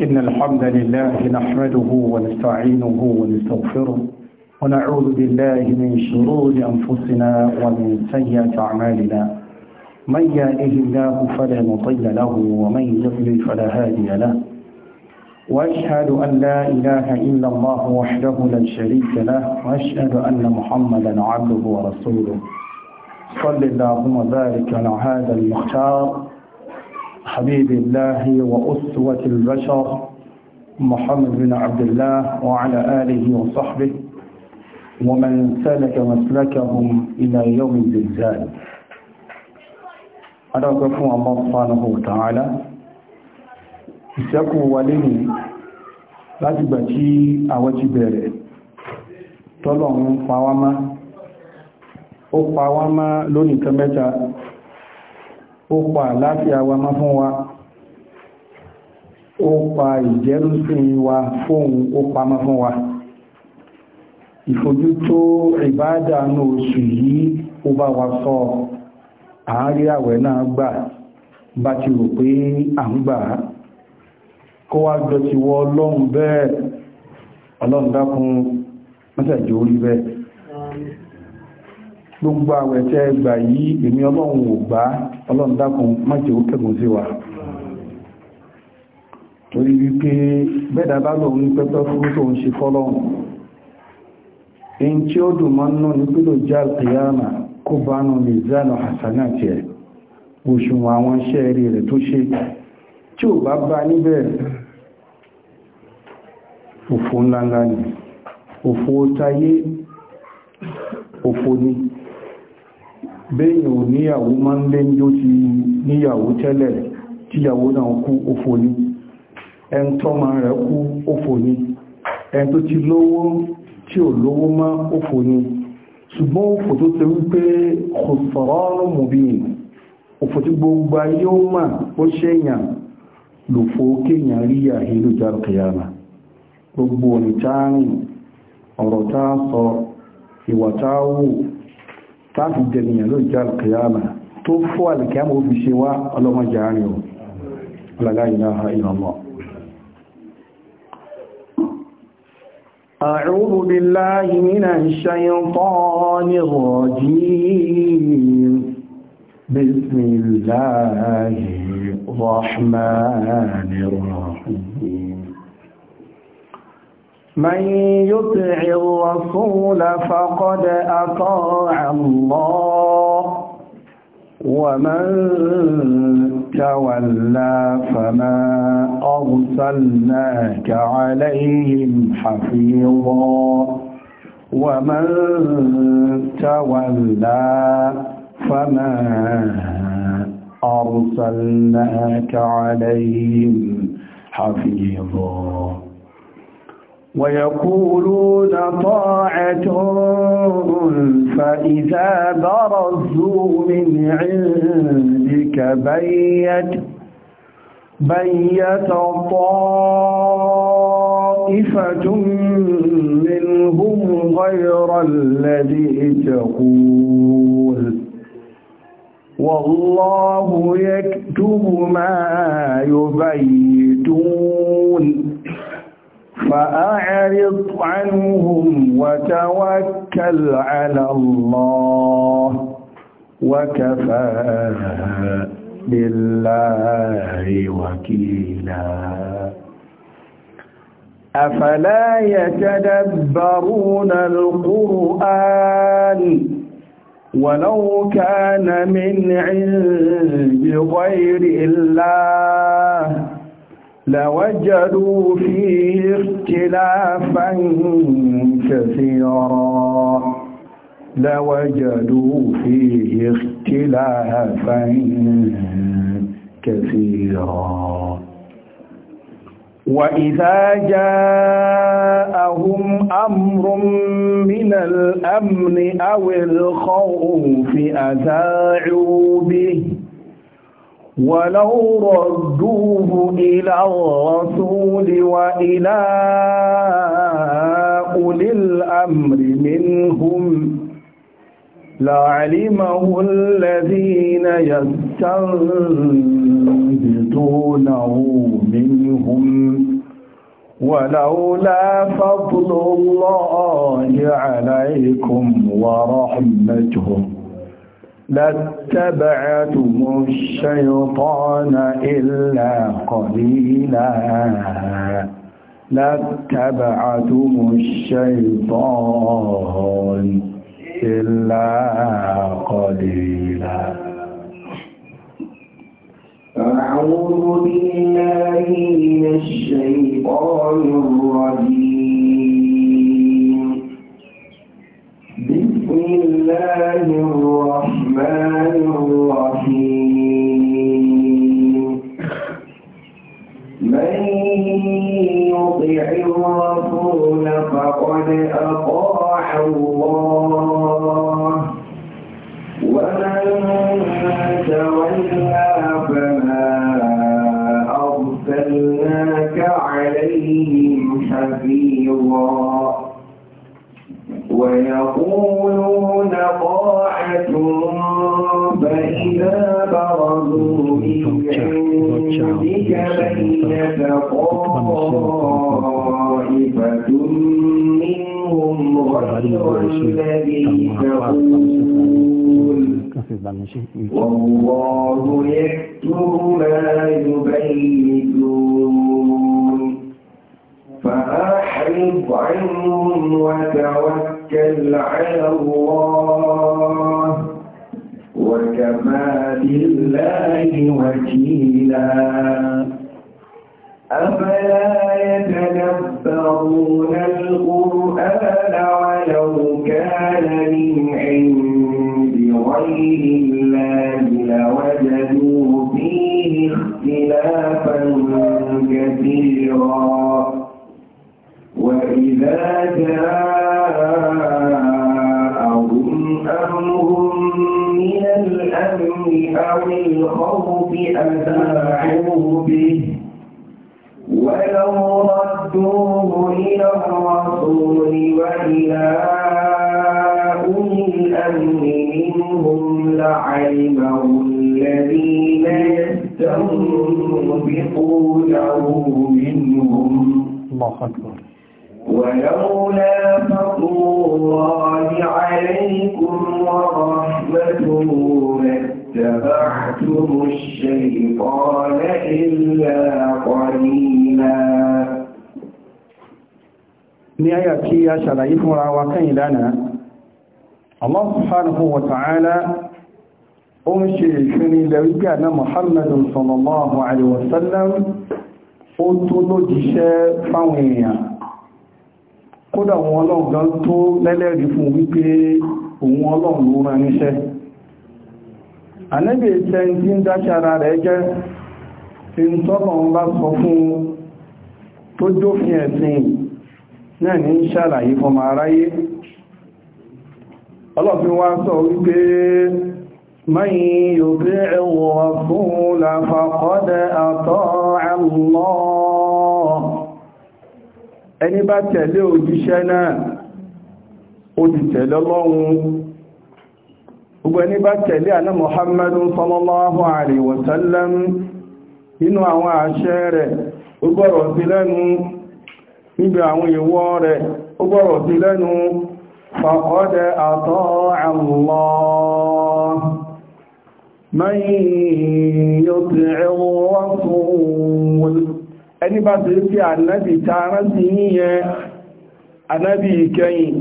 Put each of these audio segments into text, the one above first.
إن الحمد لله نحمده ونستعينه ونستغفره ونعوذ بالله من شرور أنفسنا ومن سيئات أعمالنا من يائه الله فلا مضل له ومن يضلل فلا هادي له وأشهد أن لا إله إلا الله وحده لا شريك له وأشهد أن محمدا عبده ورسوله صل اللهم وبارك على هذا المختار حبيب الله وأسوة البشر محمد بن عبد الله وعلى آله وصحبه ومن سلك مسلكهم إلى يوم الزلزال أدعوكم الله سبحانه وتعالى ìṣẹ́kù wa lè ní láti gbà tí àwọ́ ti bẹ̀rẹ̀ tọ́lọ̀ ń pa ó pa lónìí kan ó pa àláfíà wa mọ́ fún wa ó pa ìjẹ́rúsìn wa fóun ó pamọ́ fún wa ìfojútó ìbádàánú oṣù yìí ó bá wa sọ àárí àwẹ̀ náà gbà bá ti rò pé à ń gbà á kó wá jọ ti wọ ọlọ́run bẹ́ẹ̀ ọlọ́run dákun mọ́sàjì orí bẹ́ẹ̀ gbogbo àwẹ̀ tẹ́ gbà yìí èmi ọlọ́run ò gbà ọlọ́run dákun má jẹ́ ó kẹ́gùn sí wa torí wípé bẹ́ẹ̀dà bá lòun pẹ́pẹ́ fún tó ń ṣe fọ́lọ́run èyí tí ó dùn máa ń ní pílò já kìyàmà kó bá nù lè zánà àsánà tiẹ̀ òṣùwọ̀n àwọn iṣẹ́ rí rẹ̀ tó ṣe tí ò bá bá níbẹ̀ òfò ńláńlá ni òfò táyé òfò ni béèyàn ò níyàwó máa ń lé ní ó ti níyàwó tẹ́lẹ̀ tíyàwó náà kú òfò ní ẹn tọ́mà rẹ̀ kú òfò ní ẹn tó ti lówó tí ò lówó má òfò ní ṣùgbọ́n òfò tó ti rí àhílù jákèyàmà ọ̀rọ̀ tá sọ ìwà sáàfì jẹniyàn ló jẹ́ alkiyama tó fọ́ alkiyama ó fi ṣe wá ọlọ́mọjà o la ilaha illallah أعوذ بالله من الشيطان الرجيم بسم الله الرحمن الرحيم من يطع الرسول فقد أطاع الله ومن تولى فما أرسلناك عليهم حفيظا ومن تولى فما أرسلناك عليهم حفيظا ويقولون طاعة فإذا برزوا من عندك بيت بيت طائفة منهم غير الذي تقول والله يكتب ما يبيتون فأعرض عنهم وتوكل على الله وكفى بالله وكيلا أفلا يتدبرون القرآن ولو كان من عند غير الله لوجدوا فيه اختلافا كثيرا لوجدوا فيه اختلافا كثيرا وإذا جاءهم أمر من الأمن أو الخوف أذاعوا به ولو ردوه إلى الرسول وإلى أولي الأمر منهم لعلمه الذين يستنبطونه منهم ولولا فضل الله عليكم ورحمته لاتبعتم الشيطان إلا قليلا لاتبعتم الشيطان إلا قليلا أعوذ بالله من الشيطان الرجيم الله الرحمن الرحيم من يطع الرسول فقد أطاع الله ومن تولى فما أرسلناك عليهم حفيظا ويقول والله يكتب ما يبيتون فأحرض عنهم وتوكل على الله وكفى بالله وكيلا أفلا يتدبرون القرآن ولو كان من عند غير الله لوجدوا فيه اختلافا كثيرا وإذا جاءهم أمر من الأمن أو الخوف أزاعوا به ولو ردوه إلى الرسول وإلى أولي الأمر منهم لعلمه الذين يستنبطونه منهم الله أكبر ولولا فضل الله عليكم ورحمته لاتبعتم الشيطان إلا قليلا ní àyà tí a fún ra wa kan lánàá Allah subhanahu wa ta'ala ó ń ṣe ìṣúni lẹ́rígbé na Muhammadun sallallahu alaihi wasallam ó tó lójíṣẹ́ fáwọn èèyàn kódà wọn ọlọ́run gan tó lẹ́lẹ́rí fún wípé òun ọlọ́run ló rán níṣẹ́ ànẹ́bì ìṣẹ́ tí ń dáṣẹ́ rẹ̀ jẹ́ tí ń bá sọ fún tó jófin ẹ̀sìn náà ní ṣàlàyé fọmọ aráyé ọlọ́fin wá sọ wípé yóò fún làfàkọ́dẹ̀ ẹni bá tẹ̀lé òjíṣẹ́ náà ó ti tẹ̀lé Ọlọ́run ẹni bá tẹ̀lé àná Muhammadu sallallahu nínú àwọn àṣẹ rẹ̀ ó gbọ́rọ̀ sí lẹ́nu níbi àwọn ìwọ rẹ̀ ó gbọ́rọ̀ sí lẹ́nu faqad ata'a Allah ẹni bá tó sí ànábì tààrán sí yíyẹn ànábì ìkẹyìn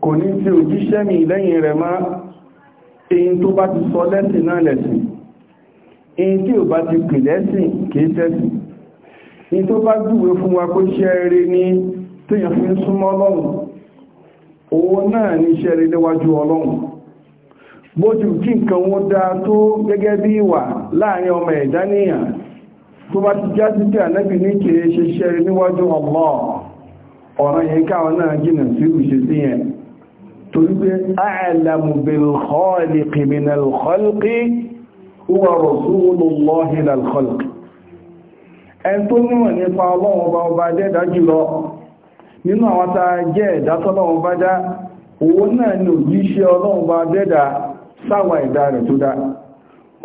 kò ní sí òjíṣẹ́ mi lẹ́yìn rẹ̀ má èyí tó bá ti sọ lẹ́sìn náà lẹ́sìn èyí tí ò bá ti pè lẹ́sìn kìí tẹ́sìn èyí tó bá júwe fún wa kó ṣe ní tíyàn fi súnmọ́ ọlọ́run òun náà ní ṣe léwájú ọlọ́run bójú kí nǹkan wọ́n dáa tó gẹ́gẹ́ bí ìwà láàrin ọmọ ẹ̀dá níyàn tó bá ti já sí pé ànábì ní kìí ṣeṣẹ́ níwájú ọmọ ọ̀ràn yẹn káwọn náà jìnà sí ìṣẹ́ sí yẹn torí pé a'lamu bil khaliqi min al khalqi huwa rasulullahi lil khalqi ẹn tó níwọ̀n nípa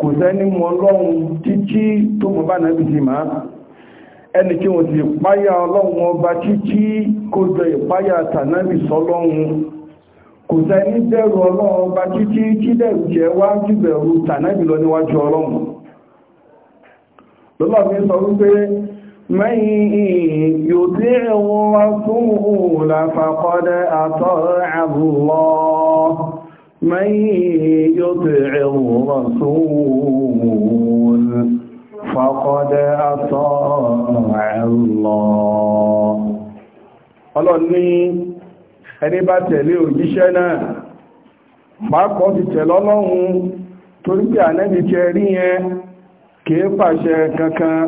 kò sẹ́ni mọ̀ lọ́run títí tó mọ̀ bá náà bìí máa ẹni kí wọ́n ti páyà ọlọ́run ọba títí kó jọ ìpáyà tànábì sọlọ́run kò sẹ́ni bẹ̀rù ọlọ́run ọba títí tí dẹ̀rù jẹ́ wá من يطع الرسول فقد أطاع الله Ọlọ́run ní ẹni bá tẹ̀lé òjíṣẹ́ náà, pàápọ̀ ti Ọlọ́run torí pé rí yẹn kìí pàṣẹ kankan,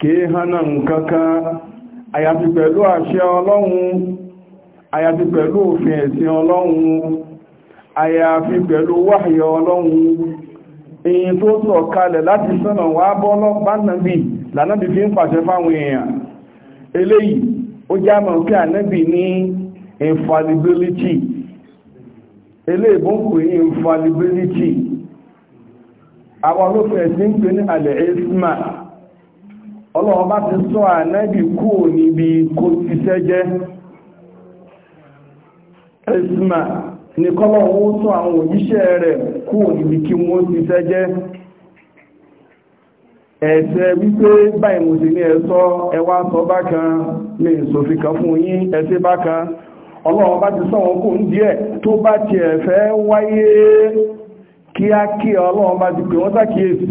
kìí kankan, àyàtì pẹ̀lú àṣẹ Ọlọ́run, àyàtì pẹ̀lú òfin ẹ̀sìn Ọlọ́run fi pẹ̀lú wáyé ọlọ́run èyí tó sọ kalẹ̀ láti sọ́nà wà bọ́ lọ́pàánàbì lànàbì fi ń pàṣẹ fáwọn èèyàn eléyìí ó já mọ̀ ànẹ́bì ní infallibility eléèbó ń pè infallibility àwọn olófẹ́ sí ń pè ní alẹ́ bá ti sọ ànẹ́bì kúrò níbi ti sẹ́jẹ́ nìkan lọ́wọ́ ó tún àwọn òjíṣẹ́ rẹ̀ kú níbi kí wọ́n ti fẹ́ jẹ́ ẹ̀ṣẹ̀ wípé báyìí mo sì ní ẹ̀sọ́ ẹwà sọ bákan lè sòfin kan fún yín ẹ̀ṣẹ̀ bákan ọlọ́run bá ti sọ́wọ́n kò ń díẹ̀ tó bá ti ẹ̀fẹ́ wáyé kíákí ọlọ́run bá ti pè wọ́n sákìyèsí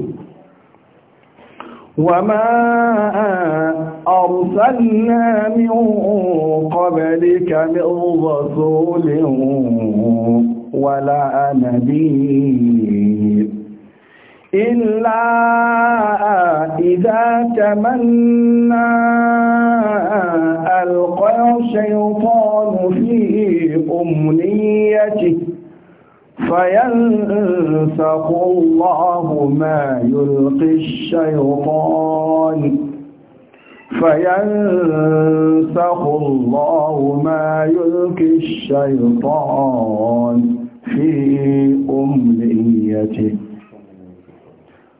وما أرسلنا من قبلك من رسول ولا نبي إلا إذا تمنى ألقى الشيطان في أمنيته فينسخ الله ما يلقي الشيطان فينسخ الله ما يلقي الشيطان في أمنيته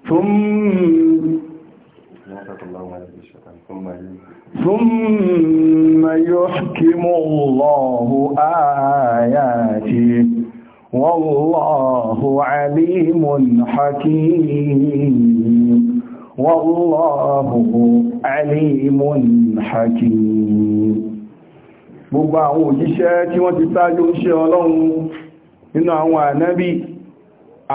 ثم ثم يحكم الله آياته والله عليم حكيم والله عليم حكيم gbogbo àwọn òjíṣẹ́ tí wọ́n ti sáájú ń ṣe ọlọ́run nínú àwọn ànábì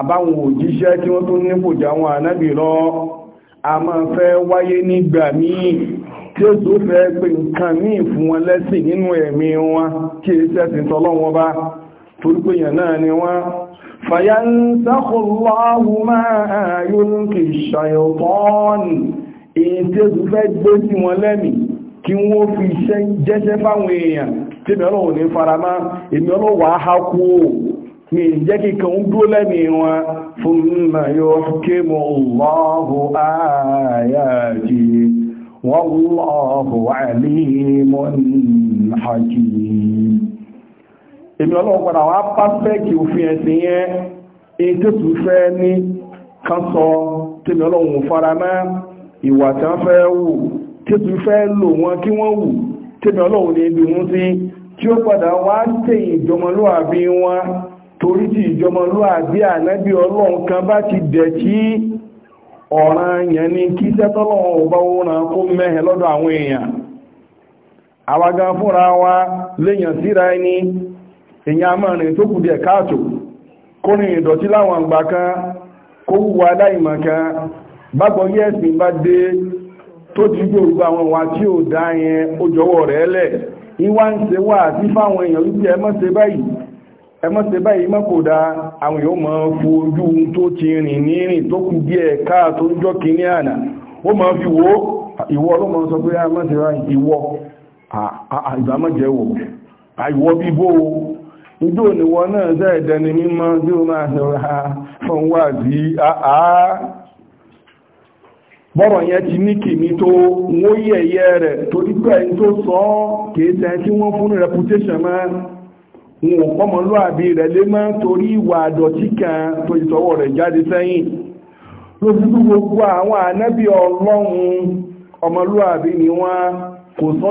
àbáwọn òjíṣẹ́ tí wọ́n tún nípòjá àwọn ànábì lọ a máa fẹ́ wáyé nígbà míì tí ó tó fẹ́ pé nǹkan míì fún wọn lẹ́sìn nínú ẹ̀mí wọn kí ẹ̀sẹ̀ torípéyàn náà ni wọ́n fayansakhullahu Allahu ma yulqi ash-shaytan èyí tí ó fẹ́ gbé sí wọn lẹ́mì kí wọ́n fi jẹ́ṣẹ́ fáwọn èèyàn tí mẹ́rọ ò ní faramá èmi ọlọ́wà á èmi ọlọ́run padà wá pàfẹ́kì òfin ẹ̀sìn yẹn èyí tó tún fẹ́ ní kan sọ tèmi ọlọ́run fara mọ́ ìwà tí wọ́n fẹ́ wù tí tún fẹ́ lò wọn kí wọ́n wù tèmi ọlọ́run ní ibi wọn sí tí ó padà wá tẹ̀yìn ìjọmọlúwàbí wọn torí tí ìjọmọlúwàbí ànábì ọlọ́run kan bá ti dẹ̀ tí ọ̀ràn yẹn ni kí sẹ́tọ́lọ́run ọba òran kó mẹ́hẹ̀ lọ́dọ̀ àwọn èèyàn àwa gan fúnra wa léèyàn síra ẹni èyàn a máa rìn tó kù díẹ̀ káàtò kó rìn ìdọ̀tí láwọn àgbà kan kó wúwa aláìmọ̀ kan bágbọ́ yẹ́ ẹ̀sìn bá dé tó ti gbòrúgbà àwọn wa tí ò dá yẹn ó jọ̀wọ́ rẹ̀ lẹ̀ ìwá ń wà fáwọn èèyàn wípé báyìí báyìí mọ́ kò dá àwọn èèyàn fojú tó ti rìn ní tó kù díẹ̀ káàtò àná ó fi a ah, báyìí ìjú òníwọ náà jẹ́ ìdẹni mímọ́ tí o máa ṣọ̀rọ̀ fún wà sí àá bọ́rọ̀ yẹn ti ní kìmí tó wọ́n yẹ̀yẹ́ rẹ̀ torí pé ẹni tó sọ kìí tí wọ́n fún reputation ma. wọn ò pọ́mọlúàbí rẹ̀ lé mọ́ torí ìwà kan tó rẹ̀ jáde gbogbo àwọn ọlọ́run ni wọ́n sọ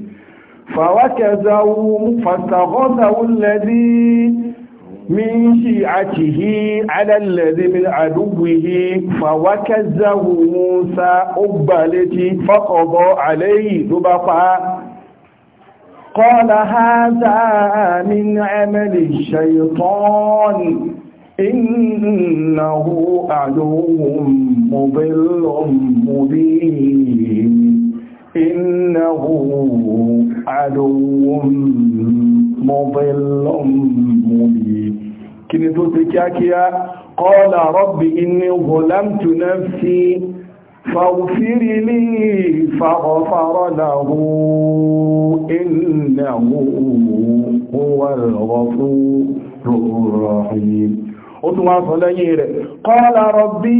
فوكزوا فاستغاثه الذي من شيعته على الذي من عدوه فوكزه موسى أبالتي فقضى عليه ذبقا قال هذا من عمل الشيطان إنه عدو مضل مبين إنه عدو مضل مبين كني تتكاكيا قال رب إني ظلمت نفسي فاغفر لي فغفر له إنه هو الغفور الرحيم ó tún wá sọ lẹ́yìn rẹ̀ qala rabbi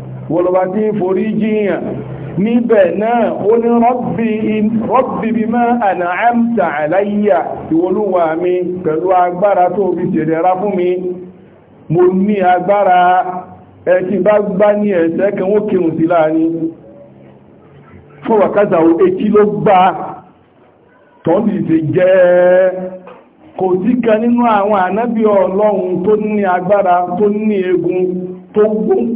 wọlọ́wà tí forí jíyàn níbẹ̀ náà ó ní rọ́bì bí máa àná àmta àláyà ìwọlúwà mi pẹ̀lú agbára tó fi tẹ̀lẹ̀ra fún mi mo ní agbára ẹ̀kí bá gbá ní ẹ̀sẹ̀ kan ó kírun sí láàrin fún wàkátà tó ní egun tó gún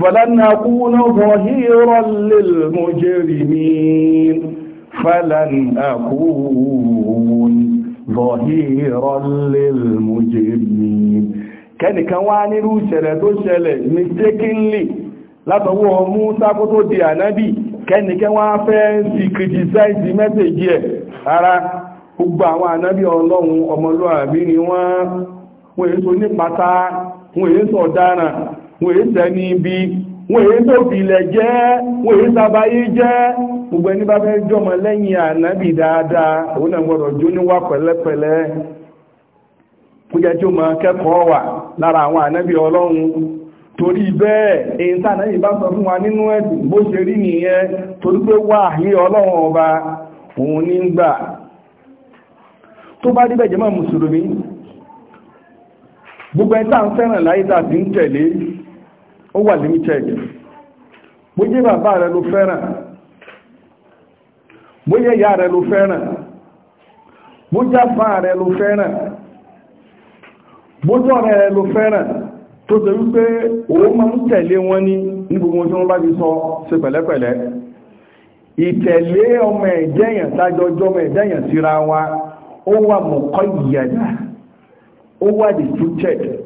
فلن أكون ظهيرا للمجرمين فلن أكون ظهيرا للمجرمين kẹ́ni kan wá nírú ìṣẹ̀lẹ̀ tó ṣẹlẹ̀ mistakenly látọwọ́ Mùsá kó tó di ànábì kẹ́ni kan wá fẹ́ sí criticize message ẹ̀ ara gbogbo àwọn ànábì ọlọ́run ọmọlúwàbí ni wọ́n wọ́n èso ní pátá wọ́n èso ọ̀daràn wọ́n èé sẹ́ni ibi wọ́n èé jẹ́ wọ́n èé jẹ́ gbogbo ẹni bá fẹ́ jọmọ lẹ́yìn ànábì dáadáa òun náà gbọ́dọ̀ jó níwà pẹ̀lẹ́pẹ̀lẹ́ kó jẹ́ wà lára àwọn ànábì ọlọ́run torí bẹ́ẹ̀ èyí sọ fún wa nínú ẹ̀sìn bó ṣe torí pé wà ní ọlọ́run ọba òun tó bá mùsùlùmí ó wà limited bóyá bàbá rẹ̀ ló fẹ́ràn bóyá ìyá rẹ̀ ló fẹ́ràn bóyá fà rẹ̀ ló fẹ́ràn bójọ́ rẹ̀ ló fẹ́ràn tó tẹ́ wípé òun máa ń tẹ̀lé wọn ní ní gbogbo tí wọ́n bá ti sọ ṣe pẹ̀lẹ́pẹ̀lẹ́ ìtẹ̀lé ọmọ ẹ̀jẹ̀yàn sájọjọ́ ọmọ ẹ̀jẹ̀yàn síra wa ó wà mọ̀kọ́ ìyàdá ó wà distributed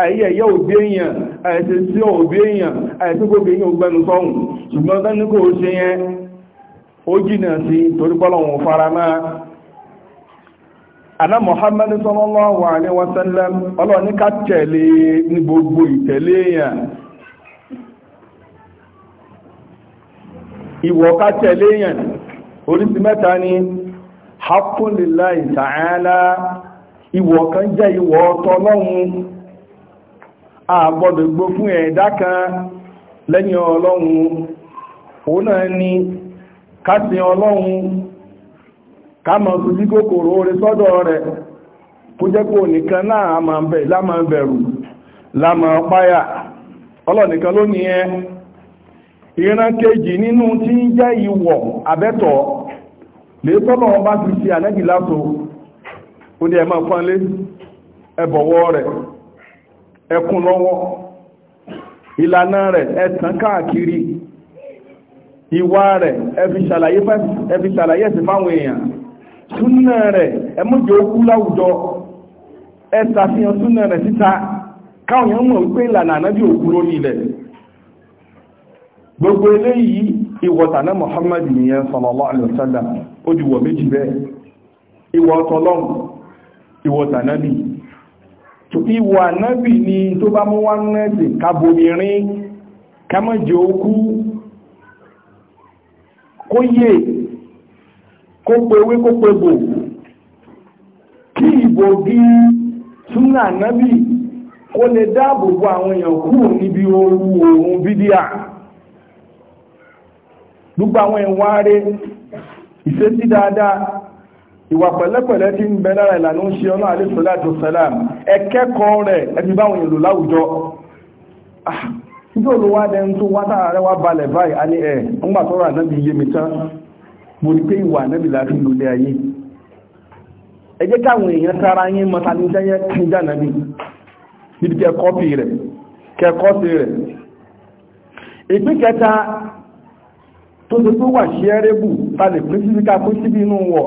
àìyẹ̀yẹ́ òbí èèyàn àìsẹ̀ sí òbí èèyàn àìsẹ̀ gbogbo èèyàn ògbẹ́nu sọ́hùn ṣùgbọ́n tán kò ṣe yẹn ó jìnà sí torípọ́lọ̀wọ̀n fara máa àná Muhammadu sallallahu ní gbogbo ìtẹ̀lé èèyàn àgbọ́dọ̀ gbó fún ẹ̀dá kan lẹ́yìn ọlọ́run òun náà ni kásìn ọlọ́run kámọ̀ tó sí kòkòrò orí sọ́dọ̀ rẹ̀ kó jẹ́ kó nìkan náà a bẹ̀rù lámà páyà ọlọ́nìkan ló ní ẹ ìran kejì nínú tí ń jẹ́ ìwọ̀ lè ẹkún lọ́wọ́ ìlànà rẹ̀ ẹ̀tàn káàkiri ìwà rẹ̀ ẹfi ṣàlàyé sí fáwọn èèyàn súnà rẹ̀ ẹmújẹ okú láwùjọ súnà rẹ̀ síta káwọn mọ̀ wípé ìlànà òkú lórí ilẹ̀ gbogbo eléyìí ìwọ̀tàná Muhammad nìyẹn sallallahu méjì bẹ́ẹ̀ ìwọ̀ ọ̀tọ̀lọ́m tó ìwà ànábì ni tó bá mú wá nẹ́ẹ̀sì kábòmìnrin kámọ́jẹ́ okú kó yè kó pewé kó le kí ìbòdí súnà ànábì kó lè dáàbò bo àwọn èèyàn kúrò níbi ooru oòrùn bídíà ìwà pẹ̀lẹ́pẹ̀lẹ́ tí ń bẹ lára ìlànà ṣe ọlọ́ àlẹ́sọ̀láàtò sàlám ẹkẹ́kọ̀ọ́ rẹ̀ ẹbí báwọn èlò láwùjọ títò ah, ló wá dẹn tó wá tára rẹ̀ wá balẹ̀ báyìí a ní ẹ̀ ńgbà tọ́rọ ànábì yé mi tán mo rí pé ìwà ànábì láti lòlẹ̀ ayé ẹ jẹ́ káwọn èèyàn tara yín mọ́ta ní jẹ́yẹ́ tó tó wà ṣẹ́rẹ́bù ta lè pín inú wọ̀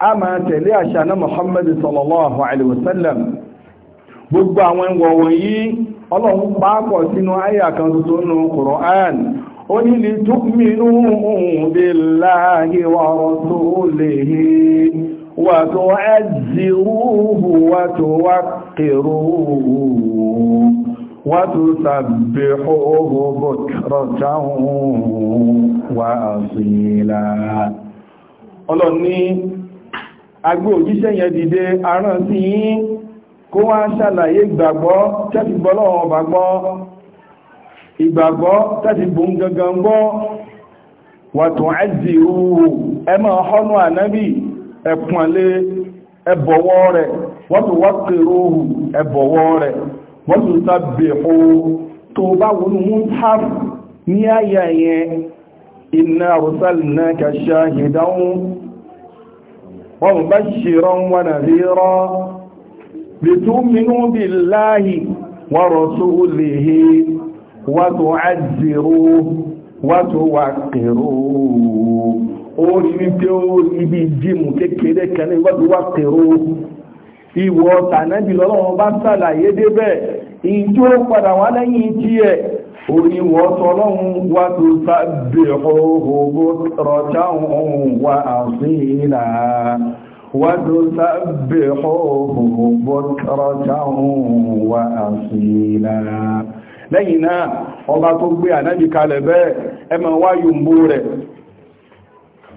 a máa tẹ̀lé àṣà náà Muhammad sallallahu alaihi wasallam gbogbo àwọn ìwọ̀wọ̀ yìí ọlọ́run pàápọ̀ sínú àyà kan tuntun nù Qur'an ó ní lè tu'minu billahi wa rasulihi ọlọ́run agbé òjíṣẹ́ yẹn dìde aràn sí yín kó wá ṣàlàyé ìgbàgbọ́ tẹ́fì gbọ́ lọ́wọ́ ọba gbọ́ ìgbàgbọ́ tẹ́fì bùn gangan gbọ́ wàtún ẹ̀dì rúrù ẹ máa họ́nú ànábì ẹ̀pọ̀nlé ẹbọ̀wọ́ rẹ̀ wọ́n tún wá kèrò ẹbọ̀wọ́ rẹ̀ wọ́n tún sábẹ̀ tó ومبشرا ونذيرا لتؤمنوا بالله ورسوله وتعزروه وتوقروه orí wípé ó ibi jímù kékeré kan ní wọ́n wá pèrò ìwọ̀ tànábì lọ́lọ́wọ́ bá sàlàyé débẹ̀ ìjó padà wá lẹ́yìn tí ẹ̀ oníwọ́tọ́ lọ́hun wá tó sábẹ̀ ọgbọ́ rọ̀táhun wà àṣílá wá tó sábẹ̀ ọgbọ́ rọ̀táhun wà àṣílá lẹ́yìn náà ọba tó gbé ànábì kalẹ̀ bẹ́ẹ̀ ẹ wá yòmbó rẹ̀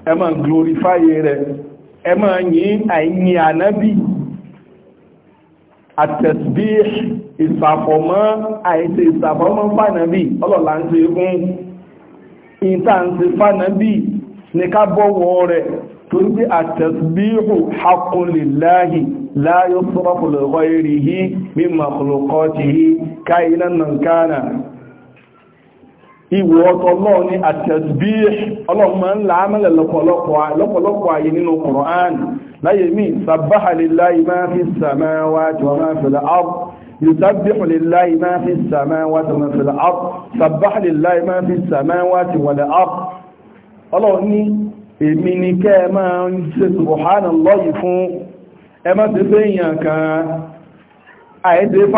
ẹ máa rẹ̀ ẹ máa yìn ànábì àtẹ̀sbí ìsàfọ̀mọ́ àìsẹ̀ ìsàfọ̀mọ́ fànàbí ọlọ́lá ń ṣe fún ìtàǹsì fànàbí ní ká bọ́wọ́ rẹ̀ torí pé àtẹ̀sbíhù haqqullillahi la yusrafu li ghayrihi min makhluqatihi ìwò ọ̀tọ̀ lọ́ọ̀ ní àtẹ̀sbí ọlọ́mọ ńlá mẹ́lẹ̀ lọ́pọ̀lọpọ̀ ayé nínú Qur'an láyé mí sàbáhà lillahi máa fi samawati wa máa fil ard يسبح لله ما في السماوات وما في الأرض سبح لله ما في السماوات والأرض Ọlọ́run ní èmi ni kẹ́ ẹ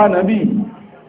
máa ń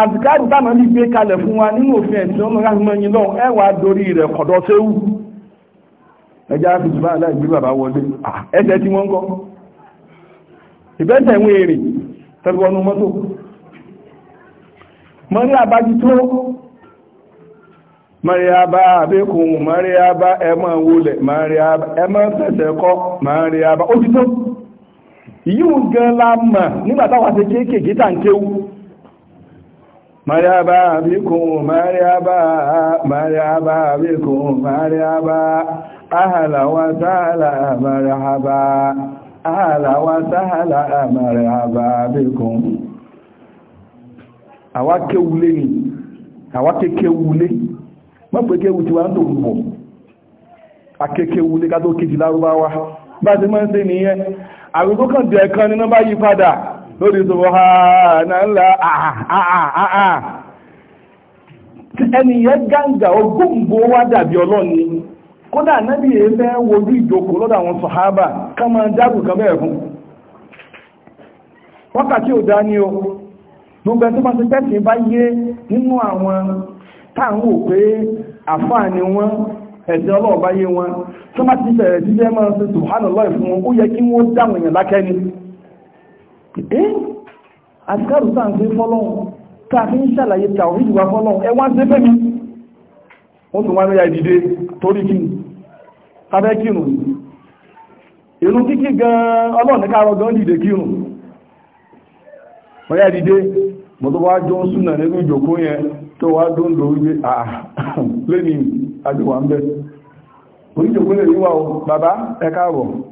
àzìkárù táwọn ní gbé kalẹ̀ fún wa nínú òfin ẹ̀sìn ọmọ ráhùnmọ́ yìí lọ́wọ́ dorí rẹ̀ kọ̀dọ̀ séwú ẹjá fi aláìgbé bàbá wọlé ẹsẹ̀ tí wọ́n ń kọ́ ìwé èrè mọ́tò mọ́rí àbájú tó mọ́rí àbá mọ́rí àbá ẹmọ́ mọ́rí àbá ẹmọ́ مرحبا بكم مرحبا مرحبا بكم مرحبا أهلا وسهلا مرحبا أهلا وسهلا مرحبا بكم àwa kéwu lé ni àwa kékéwu lé má pé kéwu tí wà ń tó gbogbo akékéwu lé ká tó kéjì lárúbáwá bá ti mọ́ sí nìyẹn àrùgbó kan dẹ̀ kan ní nọ́mbà yí padà lórí subhanallah àà ah, ah, ah, ẹnìyẹn gáǹgà ogóǹgbò wá dàbí ọlọ́ni kódà náàbí ẹ̀fẹ́ wojú ìjókòó lọ́dọ̀ ha sọ̀hábà ká máa dábù kan bẹ́ẹ̀ fún wákàtí ò dá ní o gbogbo ẹ̀tọ́ máa ti pẹ́sì bá yé nínú àwọn táwọn pé àfáà ni wọ́n ẹ̀sẹ̀ ọlọ́ọ̀bá wọn tó má ti bẹ̀rẹ̀ jíjẹ́ máa ń fún wọn ó yẹ kí wọ́n dáwọn èèyàn lákẹ́ni ẹ́ eh? àdìkàrù sa à ń gbé fọ́lọ́hun tá a fi ń ṣàlàyé tàwọn ìjùwà fọ́lọ́hun ẹ wá ń fẹ́mi wọ́n tún wá ní ìdìde torí kí abẹ́ kírun ìrun kíkí gan ọlọ́ọ̀ni káàrọ̀ gan dìde kírun ọ̀yá ìdìde mo tó wá jọ ń súnà nínú ìjòkó yẹn tó wá dóńdó wípé àà lẹ́ni àjọwà ń oníjòkó lè o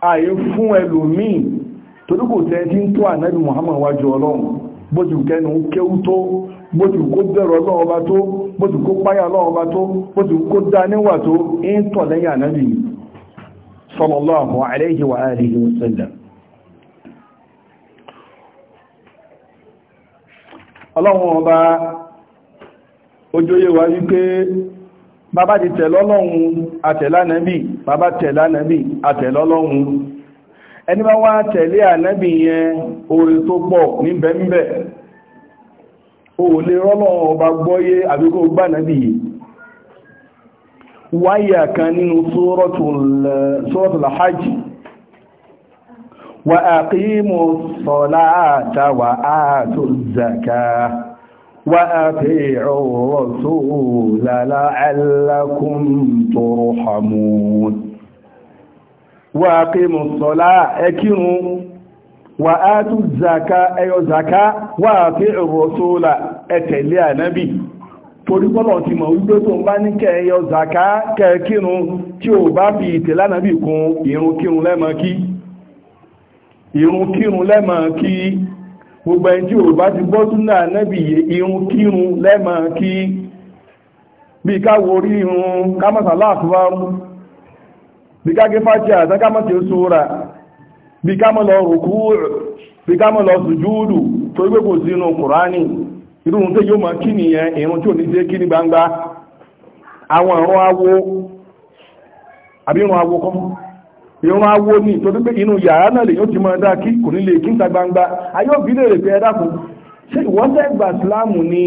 ààyè fún ẹlòmíì torí kò tẹ́ tí ń tó ànábì Muhammad wájú ọlọ́run bójú kẹnu kéwú tó bójú kó bẹ̀rọ ọlọ́run tó bójú kó páyà ọlọ́run tó bójú kó dá níwà tó ń tọ̀ lẹ́yìn sallallahu wa bàbá ti tẹ̀lọ́lọ́hun àtẹ̀lánẹ́bì bàbá tẹ̀lánẹ́bì àtẹ̀lọ́lọ́hun ẹni bá wá tẹ̀lé ànẹ́bì yẹn orí tó pọ̀ ní bẹ̀m̀bẹ̀ o lè rọ́lọ́hun ọba gbọ́yé àbíkó gbánẹ́bì yìí wáyà kan nínú suratul hajj وأطيعوا الرسول لعلكم ترحمون وأقيموا الصلاة اكروا وآتوا الزكاة أيوا زكاة وأطيعوا الرسول اتلي نبي torí pọ́lọ̀ ti mọ̀ wípé tó ń bá ní kẹ́ẹ̀yọ zaka kẹ́ẹ̀kírun tí ó bá fi ìtẹ̀lé Ànábì kún ìrun kírun lẹ́mọ̀ kí gbogbo ẹni tí ò ti bọ́ súnà nẹ́bì irun kírun lẹ́mọ̀ kí bí káwò rí irun kámọ̀sálà àtúwárú bí kágé fàájì àtán kámọ̀tí ó sóra bí lọ rùkú bí kámọ̀ lọ sùjúdù tó gbé kò sí inú gbangba àwọn awo àbí awo ìrún awo ní ìtọ́jú pé inú yàrá náà lè yóò ti máa dá kí kò nílé kí ta gbangba ayé òbí lè rè pé ẹ dákun ṣé ìwọ́n gba ìsìláàmù ni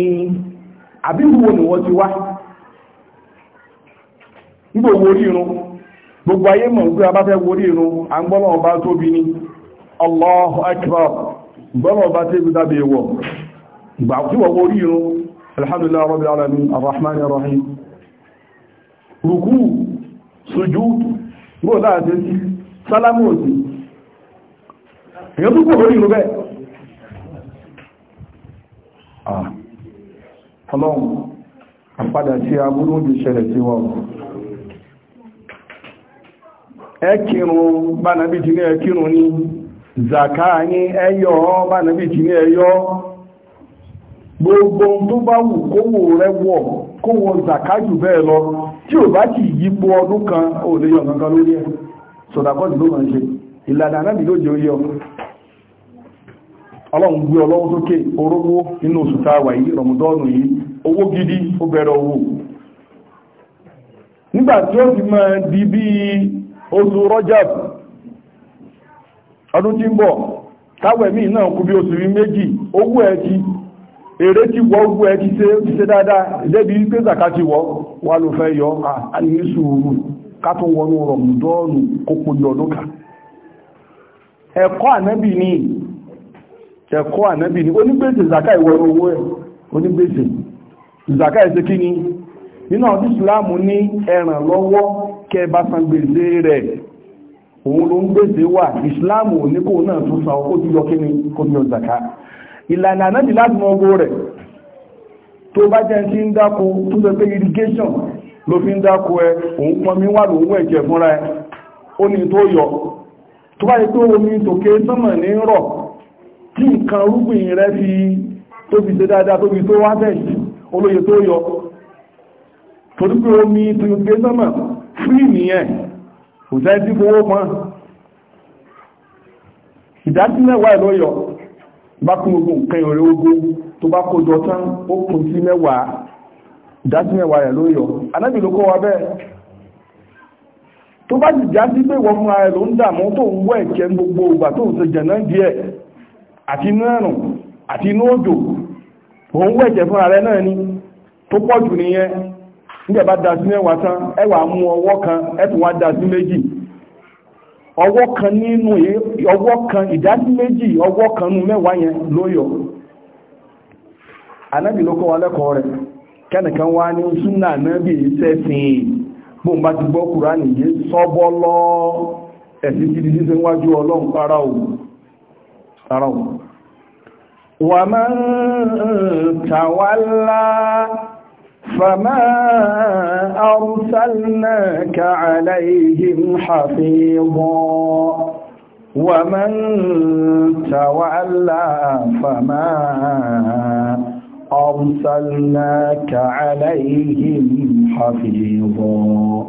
àbí wo ni wọ́n ti wá nígbà orí irun gbogbo ayé mọ̀ nígbà a bá fẹ́ wo orí irun à ń gbọ́nà ọba tóbi ni Allahu akra gbọ́nà ọba tóbi dábì wọ̀ tí wọ́n wo orí irun alamin bó láàáṣẹ́ sí sálámù òsì èyàn tó kò ìlú bẹ́ẹ̀ ọlọ́run àpadà tí a ṣẹlẹ̀ ẹkìrún bánàbí gbogbo tó bá wù kówó rẹ wọ kówó zakaju lọ tí o bá ti yípo ọdún kan ò lè yọ kankan lórí ló máa ṣe ìlànà ló jẹ́ oyé ọ ọlọrun gbé sókè orógbó nínú oṣù táwà yìí rọ̀mùdọ́ọ̀nù yìí owó gidi ó owó nígbà tí ó ti di bí oṣù ọdún tí ń náà kú bí oṣù méjì owó ti èrè ti wọ́ ogun ẹ ti ṣe dáadáa ìdẹ́bí pé zaka ti wọ́ wà ló fẹ́ yọ àníyí sùúrù kátún wọnú rọ̀mùdọ́ọ̀nù kókò yọdún ká ẹ̀kọ́ ní ẹ̀kọ́ ní onígbèsè zaka ìwọ̀n owó ẹ̀ onígbèsè zaka ẹ̀sẹ̀ kí ni nínú ọdún ìsìláàmù ní ẹ̀ràn lọ́wọ́ kẹ òun wà ìsìláàmù oníkò náà tún ìlànà ànábì láti mọ ogó rẹ̀ tó bá jẹ́ sí ń dákó tó sọ pé irrigation ló fi ń dákó ẹ òun pọnmi wà lóun ẹ̀jẹ̀ fúnra ẹ ó ní tó yọ tó bá yẹ omi tòkè sánmà ní rọ̀ tí nǹkan rúgbìn rẹ fi tó fi ṣe dáadáa tó fi tó wá tẹ̀sí olóye tó yọ torí pé omi tòkè sánmà fún ìnìyàn kò sẹ́ńtí fowó pọ́n ìdásílẹ̀ wà bá kún gbogbo nǹkan ìrìn ogun tó bá kójọ tán ó kún sí mẹ́wàá jásí mẹ́wàá rẹ̀ lóyọ̀ anábì wa bẹ́ẹ̀ tó bá ti jásí pé wọ́n fúnra rẹ̀ ló ń dààmú tó ń wọ́ ẹ̀kẹ́ gbogbo ìgbà tó ń díẹ̀ àti inú àti inú òjò òun wọ́ ẹ̀kẹ́ fúnra ni tó pọ̀ jù nìyẹn nígbà bá dásí mẹ́wàá tán ẹwà mú ọwọ́ kan ẹ̀tùn wá dásí méjì ọwọ́ kan nínú ọwọ́ kan ìdájú méjì ọwọ́ kan nú mẹ́wàá yẹn ló anábì ló lẹ́kọ̀ọ́ rẹ̀ kẹ́nìkan wá ní súnà anábì sẹ́sìn bó ti gbọ́ kùránì yé sọ́bọ́ lọ فما أرسلناك عليهم حفيظا ومن تولى فما أرسلناك عليهم حفيظا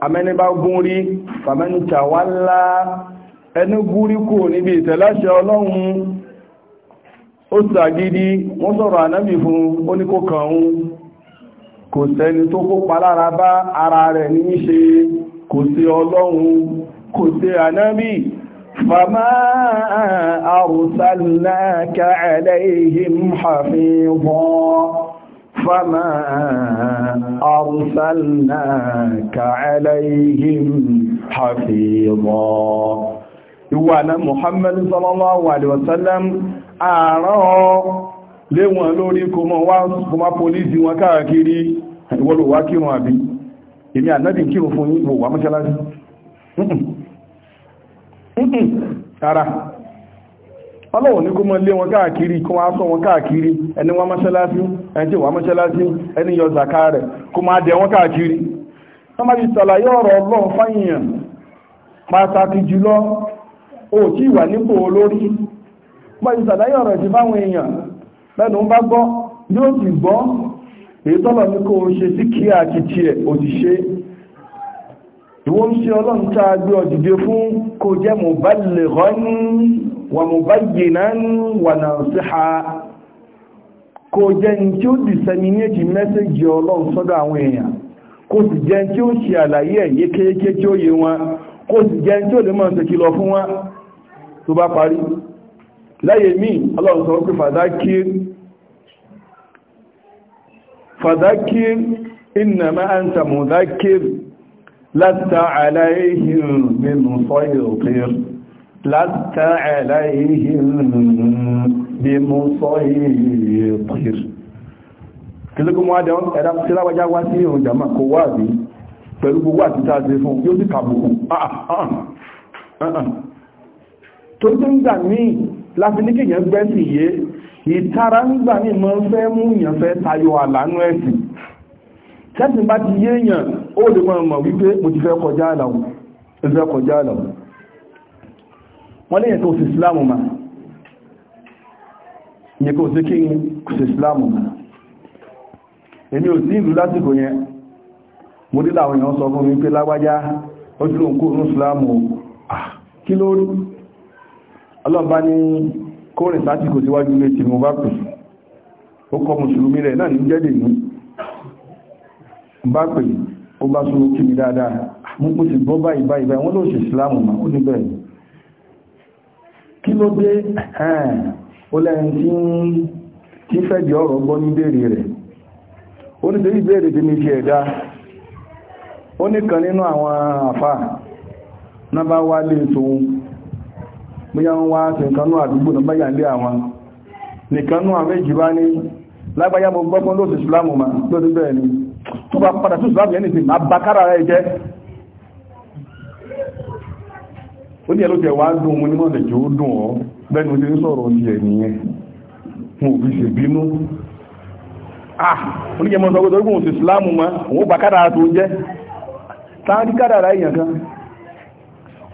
amẹni bá gún rí fàmẹ́ntà wá ńlá ẹni gúrí kò níbi ìtẹ̀láṣẹ ọlọ́run ó sàgidi wọ́n sọ̀rọ̀ ànábì fún oníkó kan kò sẹ́ni tó kópa lára bá ara rẹ̀ ní ṣe kò sí ọlọ́run kò sí ànábì fàmá àrùsálàkà alayhim hafizan fàmá àrùsálàkà alayhim hafizan ìwà náà Muhammad sallallahu alaihi wasallam àárọ̀ lé wọn lórí kó mọ́ wá kó má polisi wọn káàkiri ìwọ́lò wá kírun àbí èmi ànábì kírun fún yín wò wá mọ́ṣáláṣí ara ọlọ́wọ̀n ní mọ́ lé wọn káàkiri kiri wá sọ wọn káàkiri ẹni wọ́n mọ́ṣáláṣí ẹni tí wá mọ́ṣáláṣí ẹni yọ zàká rẹ̀ kó wọn káàkiri wọ́n má fi sàlàyé ọ̀rọ̀ ọlọ́run fáyìyàn jùlọ ò tí pẹ́nu bá gbọ́ yóò sì gbọ́ èyí tọ́lọ̀ ní kó ṣe sí kí àkìtì ẹ̀ òṣìṣẹ́ ìwọ́n ń ṣe ọlọ́run tá a gbé ọ̀dìdẹ fún kó jẹ́ muballighan wa mubayyinan wa nasiha kó jẹ́ ní tí ó disseminate mẹ́sẹ̀gì ọlọ́run sọ́dọ̀ àwọn èèyàn kó sì jẹ́ láyé míì ọlọ́run sọ pé fàdákìrì fàdákìr innama anta mudhakkir lasta alayhim min musaytir lasta alayhim bi musaytir kìlúkú mọ́ adẹ́ ẹ̀dá tí láwájá wá sí ìrùn jàmà kò wá pẹ̀lú gbogbo àtítà sí fún yóò sì kàbùkù tó tí ń gbà ní láti ní kìyàn gbẹ́sì yé ìtara ń gbà ní mọ́ fẹ́ mú èèyàn fẹ́ tayọ àlànà ẹ̀sìn tẹ́sìn bá ti yé èèyàn ó lè mọ́ mọ̀ wípé mo ti fẹ́ kọjá àlàwọ̀ ẹgbẹ́ lè yẹn tó sì islamu ma ní kò sí kí kò sí islamu ma èmi ò sí ìlú lásìkò yẹn mo èèyàn sọ fún mi pé lágbájá ojúlóǹkó ní islamu ah, kí lórí kọrịta rìn sásìkò síwájú ilé tí kọ mùsùlùmí rẹ̀ náà ní jẹ́dẹ̀ ní bá pè ó bá sọ kí mi dáadáa mú kó sì gbọ́ báyìí báyìí wọ́n ó ní kí ló dé ó lẹ́yìn tí ń fẹ́ di ọ̀rọ̀ ní bóyá wọ́n wá sí nǹkanú àdúgbò ní báyà ilé àwọn nìkanú àwọn èjì bá ní lágbàáyá mo gbọ́gbọ́n lóòsì ìsìlámù ma lóòsì bẹ́ẹ̀ ni tó bá padà sí ìsìlámù yẹn nìsìn máa bá kára rẹ̀ jẹ́ ó ní ẹlòtẹ̀ wá dùn mo nímọ̀ lè jẹ́ ó dùn ọ́ bẹ́ẹ̀ ti ń sọ̀rọ̀ ti ẹ̀ nìyẹn mo fi ṣe bínú ah oníyẹmọ sọ pé torí kò sí ìsìlámù ma òun bá kára tó jẹ́ táwọn kára rẹ̀ yẹn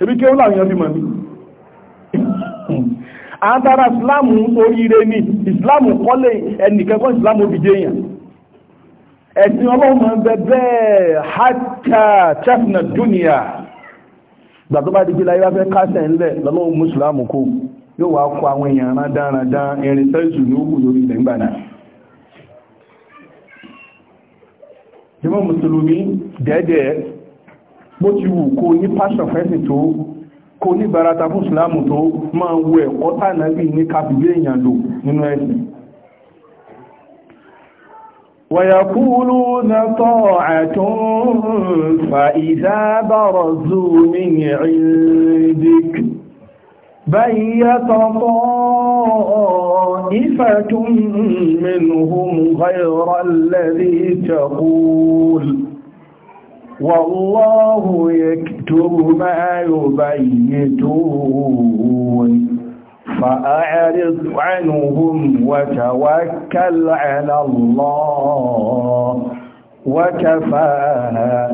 ebi kí ó láwọn èèyàn fi mọ̀ ní àtàrà islam oríire ní islam kọ́lẹ̀ ẹnìkẹ́kọ́ islam obìdé èèyàn ẹ̀sìn ọlọ́run máa ń bẹ bẹ́ẹ̀ hátà chafna dunia gbà tó bá di bí láyé bá fẹ́ kásẹ̀ ńlẹ̀ lọ́lọ́run mùsùlùmù kó yóò wá kọ àwọn èèyàn rádáradán irin sẹ́sù ní òkú lórí ilẹ̀ ìmọ̀ mùsùlùmí dẹ́dẹ́ bó ti wù kó ní passion fẹ́sì tó kó ní barata fún ìsìláàmù tó máa ń wo ẹ̀kọ́ tánàbí ní káfílé èèyàn lò nínú ẹ̀sìn ويقولون طاعة فإذا برزوا من عندك بيت طائفة منهم غير الذي تقول والله يكتب ما يبيتون فأعرض عنهم وتوكل على الله وكفى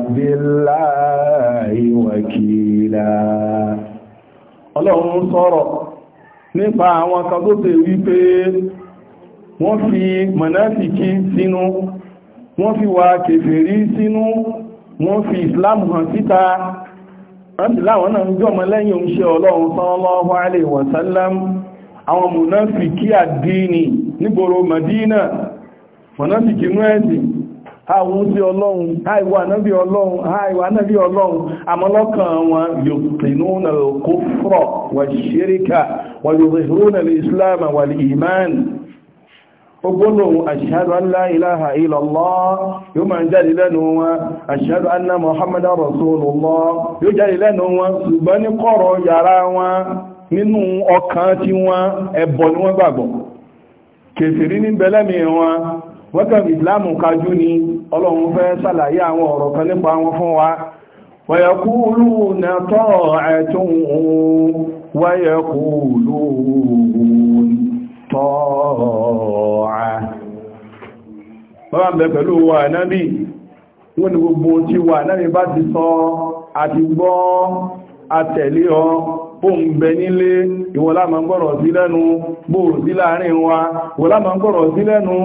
بالله وكيلا ọlọ́run sọ̀rọ̀ nípa àwọn kan tó tẹ̀ wípé wọ́n fi mọ̀náfìkí sínú wọ́n fi wà kèfèrí sínú wọ́n fi islam hàn síta láwọn náà ń jọmọ lẹ́yìn oúnṣẹ́ ọlọ́run sallallahu alaihi wasallam àwọn mùnáfìkí àdínì nígboro Madina mùnáfìkí inú ẹ̀sìn àwọn oúnṣẹ́ ọlọ́run àìwà náàbí ọlọ́run àìwà náàbí ọlọ́run ogologo ashhadu an la ilaha illallah yóò máa jáde lẹ́nu wọn ashhadu anna muhammadan rasulullah yóò jáde lẹ́nu wọn ṣùgbọ́n ní kọ̀rọ̀ yàrá wọn nínú ọkàn tí wọn ẹbọ ni wọ́n gbàgbọ́ kèfèrí ní bẹ̀lẹ́mì wọn wọ́kàn ìsìláàmù kájú ni ọlọ́run fẹ́ sàlàyé àwọn ọ̀rọ̀ kan nípa wọn fún wa bàbá ń bẹ pẹ̀lú wa náàbí wọ́n ni gbogbo tí wà náàbí bá ti sọ àti gbọ́ àtẹ̀lé ọ bó ń bẹ nílé ìwọ̀lá sí lẹ́nu bó sí láàrin wa ìwọ̀lá ma ń gbọ́rọ̀ sí lẹ́nu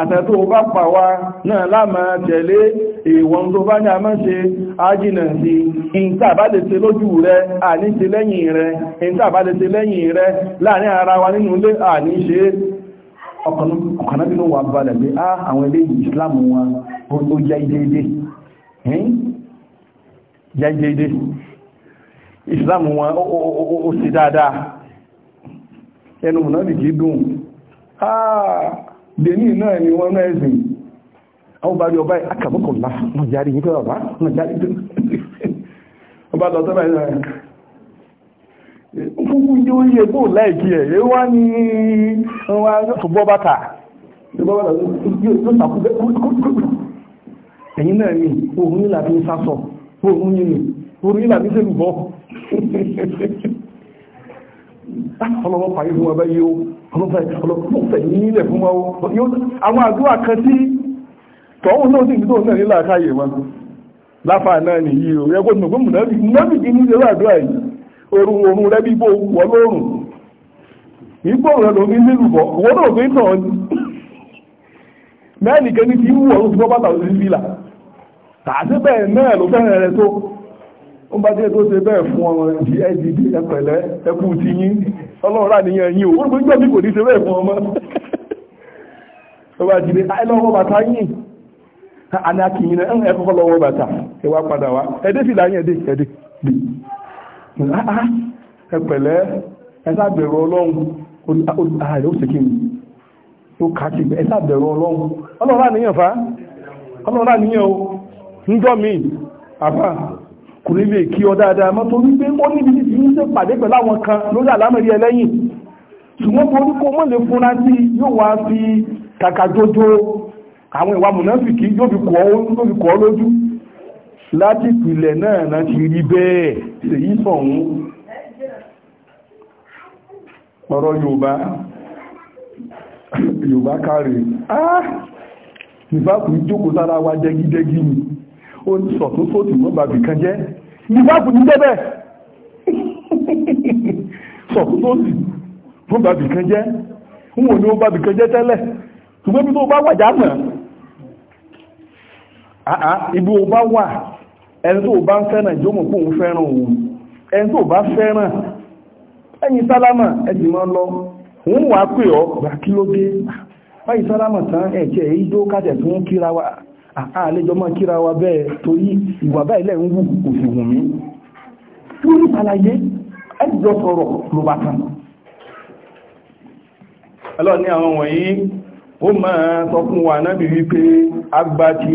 àtẹ̀tò bá pa wa náà láàmà tẹ̀lé ìwọ̀n tó bá ní a mọ́ ṣe ájìnà sí ọkànábí ló wà balẹ̀ pé á ah, àwọn ilé islam wọn ó jẹ́ ìdéédé jẹ́ ìdéédé islam wọn ó sì dáadáa ẹnu mùnábì kìí dùn áà ah, dèní náà ni wọ́n náà ẹ̀sìn àwọn bá rí ọba akàbọ́kọ̀lá náà járí yí pé ọba náà járí tó ọba lọ tọ́bà ìrìn kúkú ní ó yẹ láìkí ẹ̀ ẹ wá ní ọgbọ́ bàtà ẹ̀yìn náà ni òun ní làbí ń òun ní òun ní làbí sẹ́lù ọlọ́wọ́ pàyé fún wa bá yíó ọlọ́fẹ́ ní ilẹ̀ fún wa àwọn àdúrà kan sí tọ́wọ́n orun orun rẹ bí bó wọ lórùn ìgbóhùn rẹ lómi nílùbọ̀ wọ́n náà fi tàn ní mẹ́rin kẹ́ni ti wù ọ̀run ti bọ́ bàtà òsì tààtí bẹ́ẹ̀ náà ló fẹ́ràn rẹ tó ó bá dé tó ṣe bẹ́ẹ̀ fún ọmọ ẹ̀dì ẹ̀dì ẹ̀pẹ̀lẹ́ ẹkù ti yín ọlọ́run àníyàn yín ò o ó bá Ah, ah, ah. ẹ̀pẹ̀lẹ́ ẹ̀sàbẹ̀rọ ọlọ́run ààrẹ ó sèkí mi tó kàtì ẹ̀sàbẹ̀rọ ọlọ́run ọlọ́run àníyàn fa ọlọ́run àníyàn o ń mi àfà kò ní lè kí ọ dáadáa mọ́ torí pé ó níbi tí ń ṣe pàdé pẹ̀lú àwọn kan lórí àlámẹ̀rí ẹlẹ́yìn ṣùgbọ́n torí kó mọ́ lè fúnra sí yóò wá fi kàkà àwọn ìwà mùnáfìkì yóò fi kọ́ lójú láti ìpìlẹ̀ náà náà ti rí bẹ́ẹ̀ sèyí sọ̀hún ọ̀rọ̀ Yorùbá Yorùbá kárí ah nìbákùn ìjókòó sára wa jẹ́gídẹ́gí ni ó ń sọ̀tún sóòtù mọ́ bàbì kan jẹ́ nìbákùn ní débẹ̀ sọ̀tún sóòtù mọ́ bàbì kan jẹ́ ń wò ní ó bàbì kan jẹ́ tẹ́lẹ̀ ṣùgbọ́n bí tó bá wà jáàmù ah, ah, ibi ó bá wà ẹni tó bá ń fẹ́ràn ìjómù ń fẹ́ràn òun ẹni tó bá ẹ̀yin sálámà ẹ̀dì máa lọ òun wà pè ọ́ gbà kí ló dé báyìí sálámà tán èyí kájẹ̀ tó ń kíra wa máa kíra wa bẹ́ẹ̀ torí ìwà ń wù kò ti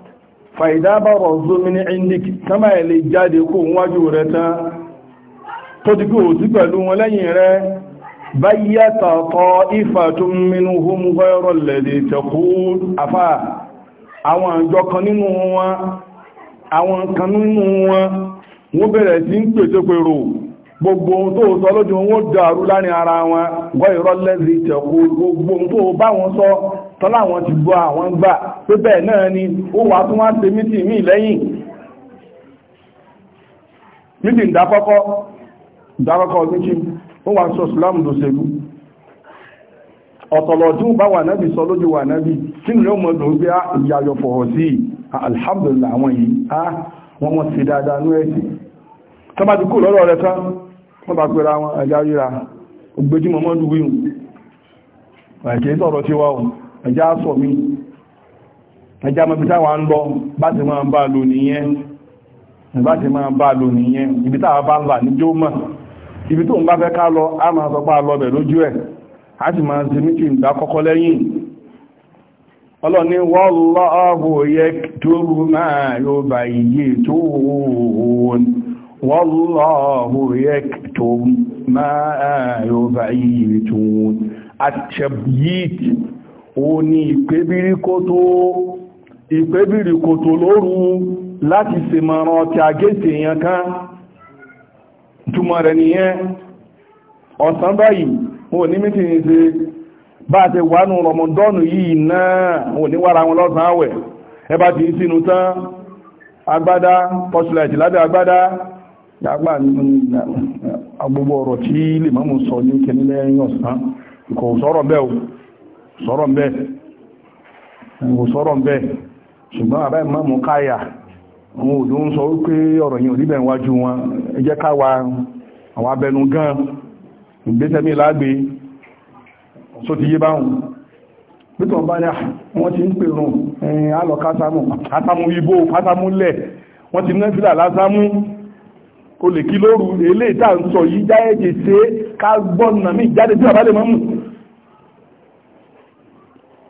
fàìdá bá rọ̀zó mi ní indik tánbà ilé jáde kó wájú rẹ̀ tán tó ti kí o sí pẹ̀lú wọn lẹ́yìn rẹ̀ bayyata ta'ifatun minhum ghayra alladhi taqul afá àwọn àjọ kan nínú wọn àwọn kan nínú wọn wọ́n bẹ̀rẹ̀ sí ń pèsè pèrò gbogbo ohun tó sọ lójú wọn dàrú láàrin ara wọn ghayra alladhi taqul gbogbo ohun tó bá wọn sọ tọ́lá àwọn ti gbọ́ àwọn gbà pé bẹ́ẹ̀ náà ni ó wà tún wá ṣe mítì mí lẹ́yìn mítì ìdákọ́kọ́ ìdákọ́kọ́ méjì ó wà sọ ìsìlámù tó ṣegú ọ̀tọ̀lọ̀dún bá wà náàbì sọ lójú wà náàbì tí ni ó mọ̀ lòó bí ah, ìyàyọ̀ fọ̀họ̀ sí ah, alhamdulillah àwọn yìí á ah, wọ́n mọ̀ sí dáadáa ní ẹ̀sìn tó bá ti kú lọ́rọ̀ rẹ̀ tán wọ́n bá pẹ̀lú ẹjá sọ mí ẹjá mọ̀ wà ń lọ bá máa bá lò nìyẹn bá máa bá lò nìyẹn ibítà wà bá ń là ní jómọ̀ ibi tó ń bá fẹ́ ká lọ a máa sọ pá lọ bẹ̀ lójú ẹ̀ a sì máa ṣe mítì ìgbà kọ́kọ́ lẹ́yìn ọlọ́ni ma ó ní ìpébíríkótó ìpébíríkótó láti ṣe mọ̀ràn ti kan rẹ̀ nìyẹn ọ̀sán báyìí ní ní ṣe bá a ṣe wánú rọmọdọ́nù yìí náà wọn ní wára wọn lọ́sàn áwẹ̀ ẹ bá ti sínú tán agbádá lábẹ́ agbádá yàgbà ọ̀rọ̀ tí lè sọ ní kẹ́nílẹ̀ ọ̀sán kò bẹ́ẹ̀ sọ̀rọ̀ ń bẹ́ kò sọ̀rọ̀ ń bẹ́ ṣùgbọ́n àbá ìmọ̀mù káyà àwọn òdó ń sọ wípé ọ̀rọ̀ yìí òdíbẹ̀ wájú wọn ẹjẹ́ káwa àwọn abẹnu gan ìgbésẹ̀mí lágbé só ti yé báhùn pítọ̀ bá ní ah, wọ́n ti ń pèrún ẹ̀yìn alọ̀ kásámù átámú ibó átámú lẹ̀ wọ́n ti nẹ́fìlà lásámú o lè kí lóru eléyìí tá à ń sọ yìí jáyẹ́jẹ́ ṣe ká gbọ́n nàmí jáde tí àbálẹ̀ mọ́mù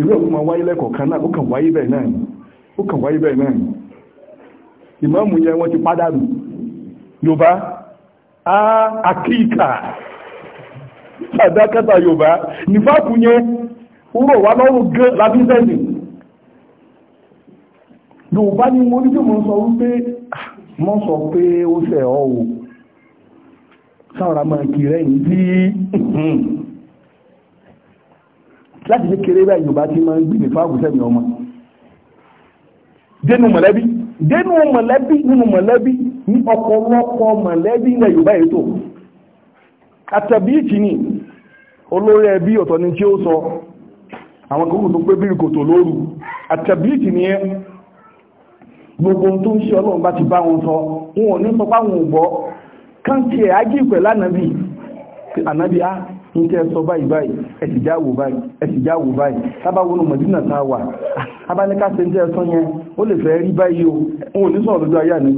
ìlú ọ̀gbọ́n máa wáyé lẹ́kọ̀ọ̀kan náà ó kàn wáyé bẹ́ẹ̀ náà ó kàn wáyé bẹ́ẹ̀ náà ìmáàmù yẹn wọ́n ti pádàrù yorùbá a àkíkà sàdákàtà yorùbá nífàkù yẹn rọ̀ wá lọ́rùn gẹ́ lábísẹ́sì yorùbá ni mo rí tí mo sọ wípé mo sọ pé ó fẹ́ ọ́ o sáwọn ọmọ kìrẹ́yìn tí láti ní kéré bá yorùbá tí máa ń gbìn ní àgùsẹ́ mi ọmọ dénú mọ̀lẹ́bí dénú mọ̀lẹ́bí nínú mọ̀lẹ́bí ní ọ̀pọ̀lọpọ̀ mọ̀lẹ́bí ilẹ̀ yorùbá ètò ni olórí ẹbí ọ̀tọ̀ ni tí ó sọ àwọn kókò tó pé bíi kòtò lóru gbogbo tó ń ṣe ti bá wọn sọ wọn ò ní sọ pé ní kẹ́ sọ báyìí báyìí ẹ̀sìjáwò báyìí ẹ̀sìjáwò báyìí tábà wọnú mọ̀dínà tá a wà abáníká ṣe ń jẹ́ ẹ̀sán yẹn ó lè fẹ́ rí báyìí o òun ní sọ̀rọ̀ lójú ayé àná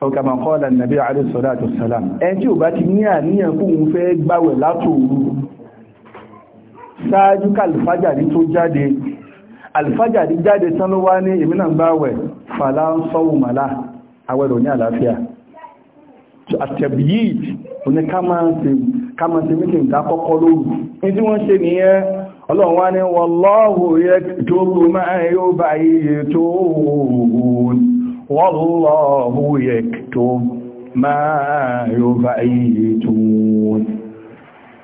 òun nàbí àdìsọ́dá àtọ̀sálàm ẹ tí ò bá ti ní àníyàn fún òun fẹ́ gbáwẹ̀ látòru ṣáájú kàlùfájàrí tó jáde alfájàrí jáde tán ló wá ní èmì náà gbáwẹ̀ fàlá ń sọ́wọ́ màlá àwẹ̀rọ ní àlàáfíà àtẹ̀bíyìí oní kámọ́sí mítí ìdá kọ́kọ́ lóòrù ní tí wọ́n ṣe nìyẹn ọlọ́run wá ní wallahu yaktubu ma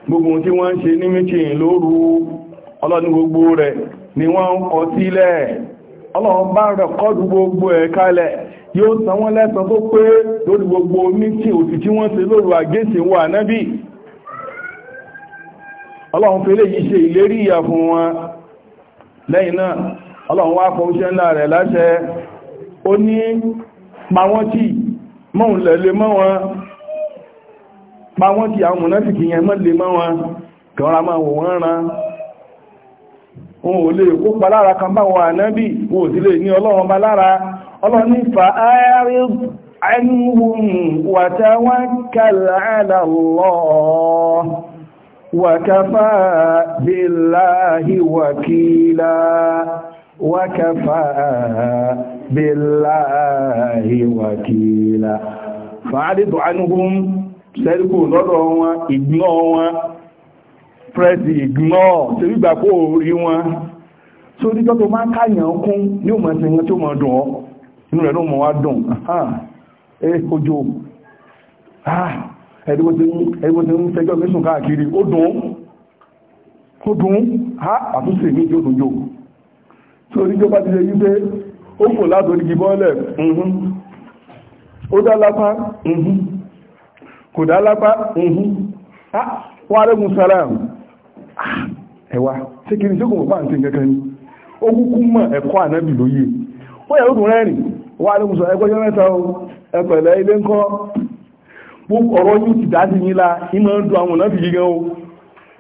gbogbo tí wọ́n ń ṣe ní mítìn lóru ọlọ́ni gbogbo rẹ̀ ni wọ́n kọ sílẹ̀ ọlọ́run bá rẹ̀kọ́dù gbogbo ẹ̀ kalẹ̀ yóò san wọ́n lẹ́san tó pé lórí gbogbo mítìn òtù tí wọ́n ṣe l'óòrù àgéṣe wà nábì ọlọ́run fẹ́lẹ̀ yìí ṣe ìlérí fún wọn lẹ́yìn náà ọlọ́run wá kọ ńlá rẹ̀ láṣẹ ó ní wọ́n tì mọ́ pa wọ́n ti àwọn mọ̀náfìkì yẹn mọ́ lè máa wọn kọ̀ọ̀rọ̀ máa wò wọ́n rán wọn ò lè kópa lára kan bá wọn ànábì wọn ò sí lè ní ọlọ́run bá lára ọlọ́run fa ayáríg عنهم وتوكل على الله sẹ́ríkù lọ́dọ̀ wọn ìgbọ́ wọn prẹ́sì ìgbọ́ tí ó gbà kó rí wọn tó díjọ́ tó máa káyàn kún ní òmọ̀ sí wọn tí ó mọ̀ dùn ọ́ inú rẹ̀ ló mọ̀ wá dùn ẹ́ kojú ẹ̀dùn tí ń fẹjọ́ mẹ́sùn káàkiri ó dùn ó dùn àtúnṣe ní ìjọ́ tó jò tó díjọ́ bá ti lè yí pé ó kò látòrí gibọ́lẹ̀ ó dá lápá kò dá lápá ohun wọ́n arẹ́gùn sàrán ẹ̀wà tí kìí tí kò mọ̀ pàǹtí kankan ní ó kúkú mọ̀ ẹ̀kọ́ ànábì lóye ó yẹ lóògùn rẹ́rìn wọ́n arẹ́gùn sàrán ẹgbẹ́ yọ́mẹ́ta ẹ̀pẹ̀lẹ̀ ilé ńkọ́ ọ̀rọ̀ yóò ti dá sí nílá ìmọ̀ ń dùn àwọn ọ̀nà fi gígan o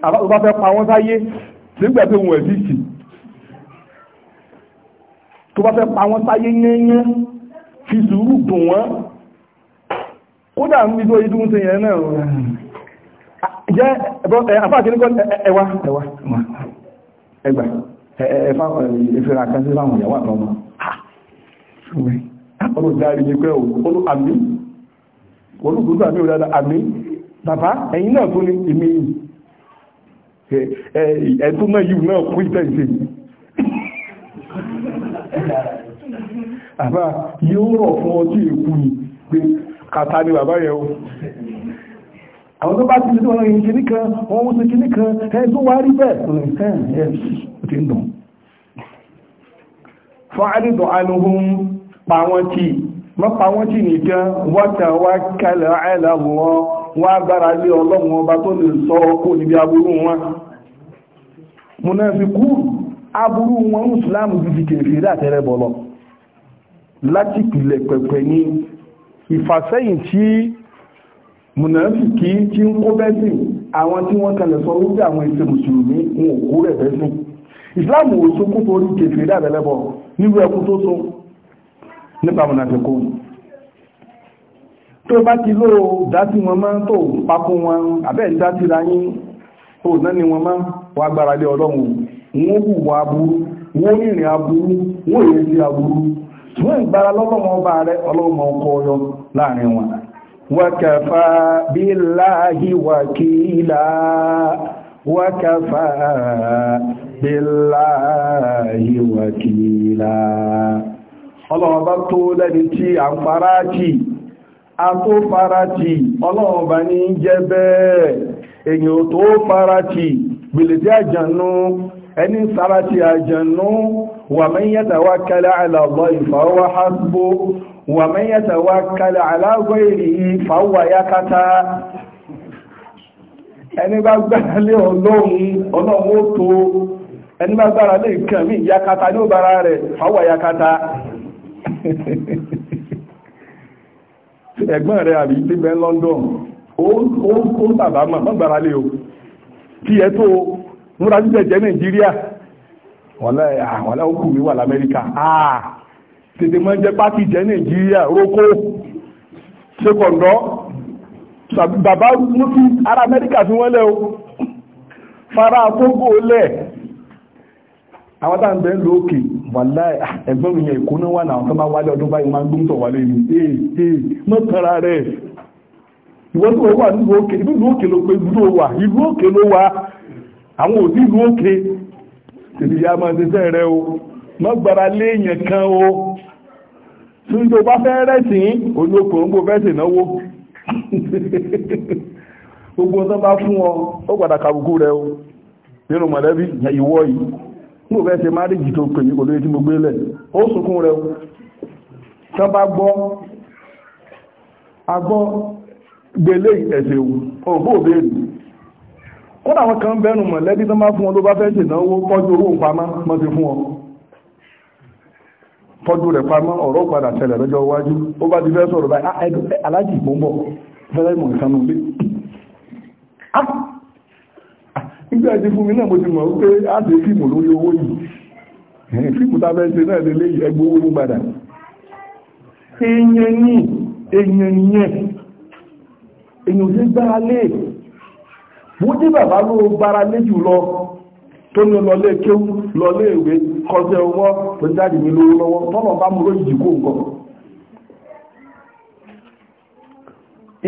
àbá fẹ́ pa wọ́n sáyé nígbà tó wọ̀n ẹ̀dí sí tó bá fẹ́ pa wọ́n sáyé yẹ́yẹ́ fi sùúrù dùn wọ́n kódà ń bí tó yí dúnṣe yẹn náà jẹ́ afáàkíníkọ́ ẹwà ẹwà ẹgbà ẹfẹ́ra kan sí láwọn ìyàwó àtọ́mọ ọdún dárí ní pé olú àmì olúkúrú àmì òdádá àmì bàbá ẹ̀yìn náà tó ní ìmì ẹ̀tún náà yìí náà kú ìtẹ́ ìṣe àbá yóò rọ̀ fún ọtí èkú ni pé kàtà ni bàbá yẹ̀ o àwọn tó bá ti ṣe tó wọ́n yìí kìíní kan wọ́n wọ́n ṣe kìíní kan ẹ tó wá rí bẹ́ẹ̀ ẹ ti ń dùn fún àdìdùn anuhun pa wọ́n tí mọ́ pa wọ́n tí nìkan wọ́ta wá kẹlẹ̀ àìlàwọ̀ wọn wọ́n agbára lé ọlọ́run ọba tó lè sọ ọkọ̀ níbi ìfàsẹ́yìn tí mùnàfíkì tí ń kó bẹ́sìn àwọn tí wọ́n kalẹ̀ sọ wípé àwọn ìṣe mùsùlùmí wọn ò kó rẹ̀ bẹ́sìn ìsìláàmù ò so kú torí kèfè dábẹ̀lẹ́bọ̀ nírú ẹkú tó so nípa mùnàfíkù tó bá ti ló dátí wọn mọ́ tó papọ̀ wọn àbẹ́ ìdátí ra yín tó náni wọn mọ́ wọ́n agbára lé ọlọ́run wọ́n hùwà aburú wọ́n rìnrìn aburú wọ́n èrè aburú ṣùgbọ́n ìgbára lọ́lọ́wọ́ ọba rẹ̀ ọlọ́mọ ọkọ̀ ọyọ láàrin wọn wakafa billahi wakila wakafa wakila bá tó lẹ́ni tí a ń fara jì a tó fara jì ọlọ́wọ́ bá ní jẹ́ bẹ́ẹ̀ fara jì àjànú ẹni ti àjànú ومن يتوكل على الله فهو حسبه ومن يتوكل على غيره فهو يكتا ẹni bá gbára lé ọlọ́run ọlọ́run ó tó ẹni bá gbára lé nǹkan mí yakata ní òbára rẹ̀ fáwọ̀ yakata ẹ̀gbọ́n rẹ̀ àbí gbígbẹ́ London ó ń bàbá gbára lé o tí ẹ tó múra jíjẹ̀ jẹ́ Nàìjíríà wọ́lá òkú mi wà lamẹ́ríkà àà ah, tètè mọ́ jẹ́ pátì jẹ́ nàìjíríà rókó ṣekọ̀ndọ́ bàbá mú ara amẹ́ríkà fi wọ́n lẹ́ o fara àkókò lẹ̀ àwọn tá ń bẹ́ lò òkè wàlá ah, ẹ̀gbọ́n mi yẹn ìkóná wà náà tó máa wálé ọdún báyìí máa ń gbóǹtọ̀ wálé mi ee ee mọ́kànlá rẹ̀ ìwọ́n tó wà nílùú òkè ìlú òkè ló pé ìlú òwà ìlú òkè ló wà ìlú òkè tèmi yá máa ti sẹ́ rẹ o mọ́ gbára léèyàn kan o tún tó bá fẹ́ rẹ̀sìn olókùn ń bò fẹ́sì náwó gbogbo tó bá fún ọ ó padà kàbùkù rẹ o nínú mọ̀lẹ́bí ìwọ yìí ń bò fẹ́sì má ríjì tó pè ní kò lóye tí mo gbé lẹ̀ ó sunkún o tán bá gbọ́ agbọ́ gbélé ẹ̀sẹ̀ òun òbó òbéèrè kódà àwọn kan bẹnu mọ̀lẹ́bí tó máa fún wọn ló bá fẹ́ ṣèdánwó tọ́jú owó pamọ́ mọ́ ti fún wọn tọ́jú rẹ̀ pamọ́ ọ̀rọ̀ padà tẹ̀lẹ̀ lọ́jọ́ iwájú ó bá ti fẹ́ sọ̀rọ̀ báyìí ah, aláàjì ìbò fẹ́lẹ́ mọ̀ nígbà tí fún mi náà mo ti mọ̀ pé a ti fíìmù lórí owó yìí fíìmù tá fẹ́ ṣe náà lélẹ́ ẹgbẹ́ owó padà èèyàn èèyàn mú bàbá ló gbára lé lọ tó ní lọlé kéwú lọlé ìwé kọjá owó tó jáde mi lówó bá mú lójijì kó nǹkan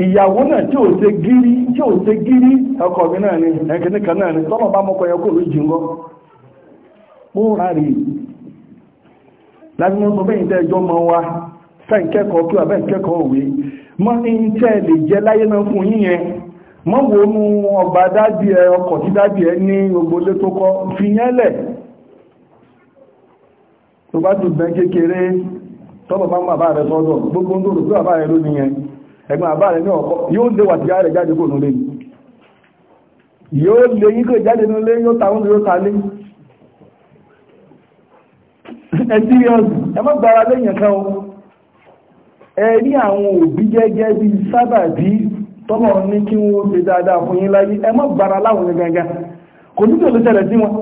ìyàwó náà tí ò ṣe gírí tí ò ṣe gírí mi náà ni náà ni bá wa kí wà òwe mọ́ ní jẹ́ láyé náà fún mọ́ wo mú ọgbà dádì ẹ ọkọ̀ tí dádì ẹ ní ogbólé tó kọ́ fi yẹ́lẹ̀ tó bá ti bẹ́ kékeré tọ́bọ̀ bá ń bàbá rẹ̀ sọ́dọ̀ gbogbo ń dòrò pé bàbá rẹ̀ ló ní yẹn ẹ̀gbọ́n bàbá rẹ̀ ní ọkọ̀ yóò dé wà tọ́lọ̀ ní kí wọ́n ṣe dáadáa fún yín láyé ẹ má gbára láwọn ní gangan kò ní tòlú tẹ̀lẹ̀ sí wọn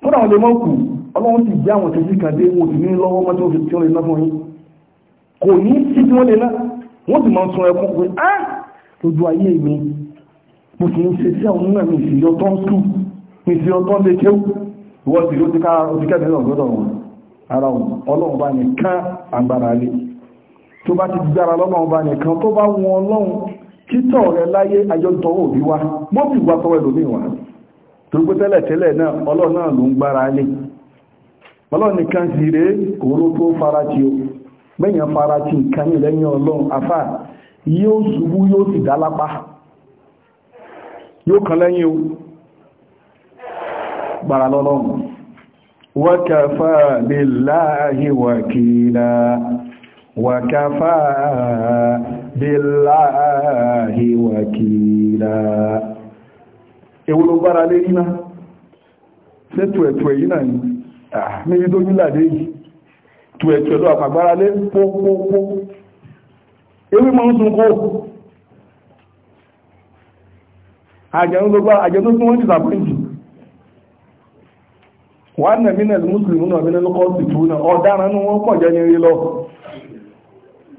fúnra wọn lè mọ́ kù ọlọ́run ti jẹ́ àwọn tẹ̀sí kan dé wọn ní lọ́wọ́ mọ́ tí wọ́n fi tí wọ́n lè ná fún yín kò ní sí tí wọ́n lè ná wọ́n sì máa ń sun ẹkún pé á ah, lójú ayé mi mo sì ń ṣe sí àwọn náà mi sì yọtọ́ ń sùn mi sì yọtọ́ lè kéwù ìwọ́n sì ló ti ká ọdún kẹ́mẹ́rin ọ̀gọ́dọ̀ wọn ara ọlọ́run bá nìkan agbára lé tó bá ti dára lọ́nà ọba nìkan tó bá wọn ọlọ́run títọ̀ rẹ láyé àjọtọ̀ òbí wa mọ́ bí wà tọwọ́ ẹlòmíì wá tó gbé tẹ́lẹ̀ tẹ́lẹ̀ náà ọlọ́run náà ló ń gbára lé ọlọ́run nìkan sì rèé òru tó fara ti o gbẹ̀yàn fara ti nǹkan lẹ́yìn ọlọ́run afá yóò ṣubú yóò sì dálápá yóò kan lẹ́yìn o gbára lọ́lọ́run wa kafa billahi wakila wàkàfà bíláàhì wàkìlá ewúlò gbára lé nínà ṣe tùẹ̀tùẹ̀ yìí náà ni ah, méjì tó nílàdé yìí tùẹ̀tùẹ̀ lọ àpàgbára lé pópópó ewé ma ń sun kó tó wọ́n ti sàpíntì wọ́n nà mùsùlùmí náà mínà lọ́kọ́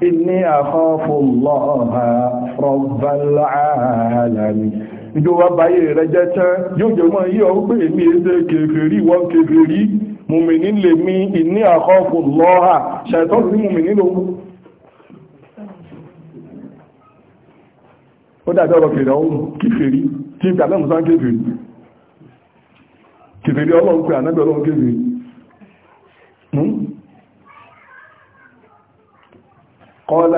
inni akhafullaha rabbal alamin ìjọba báyé rẹ̀ jẹ́ tán yóò jẹ́ mọ́ yíò pé èmi ẹsẹ̀ kèfèrí wọ́n kèfèrí mùmìnì lè mi inni akhafullaha ṣàìtọ́ sí mùmìnì lò ó dàbí ọ̀rọ̀ kèrè ọ̀hún kèfèrí tí ìgbà mẹ́mùsán kèfèrí قال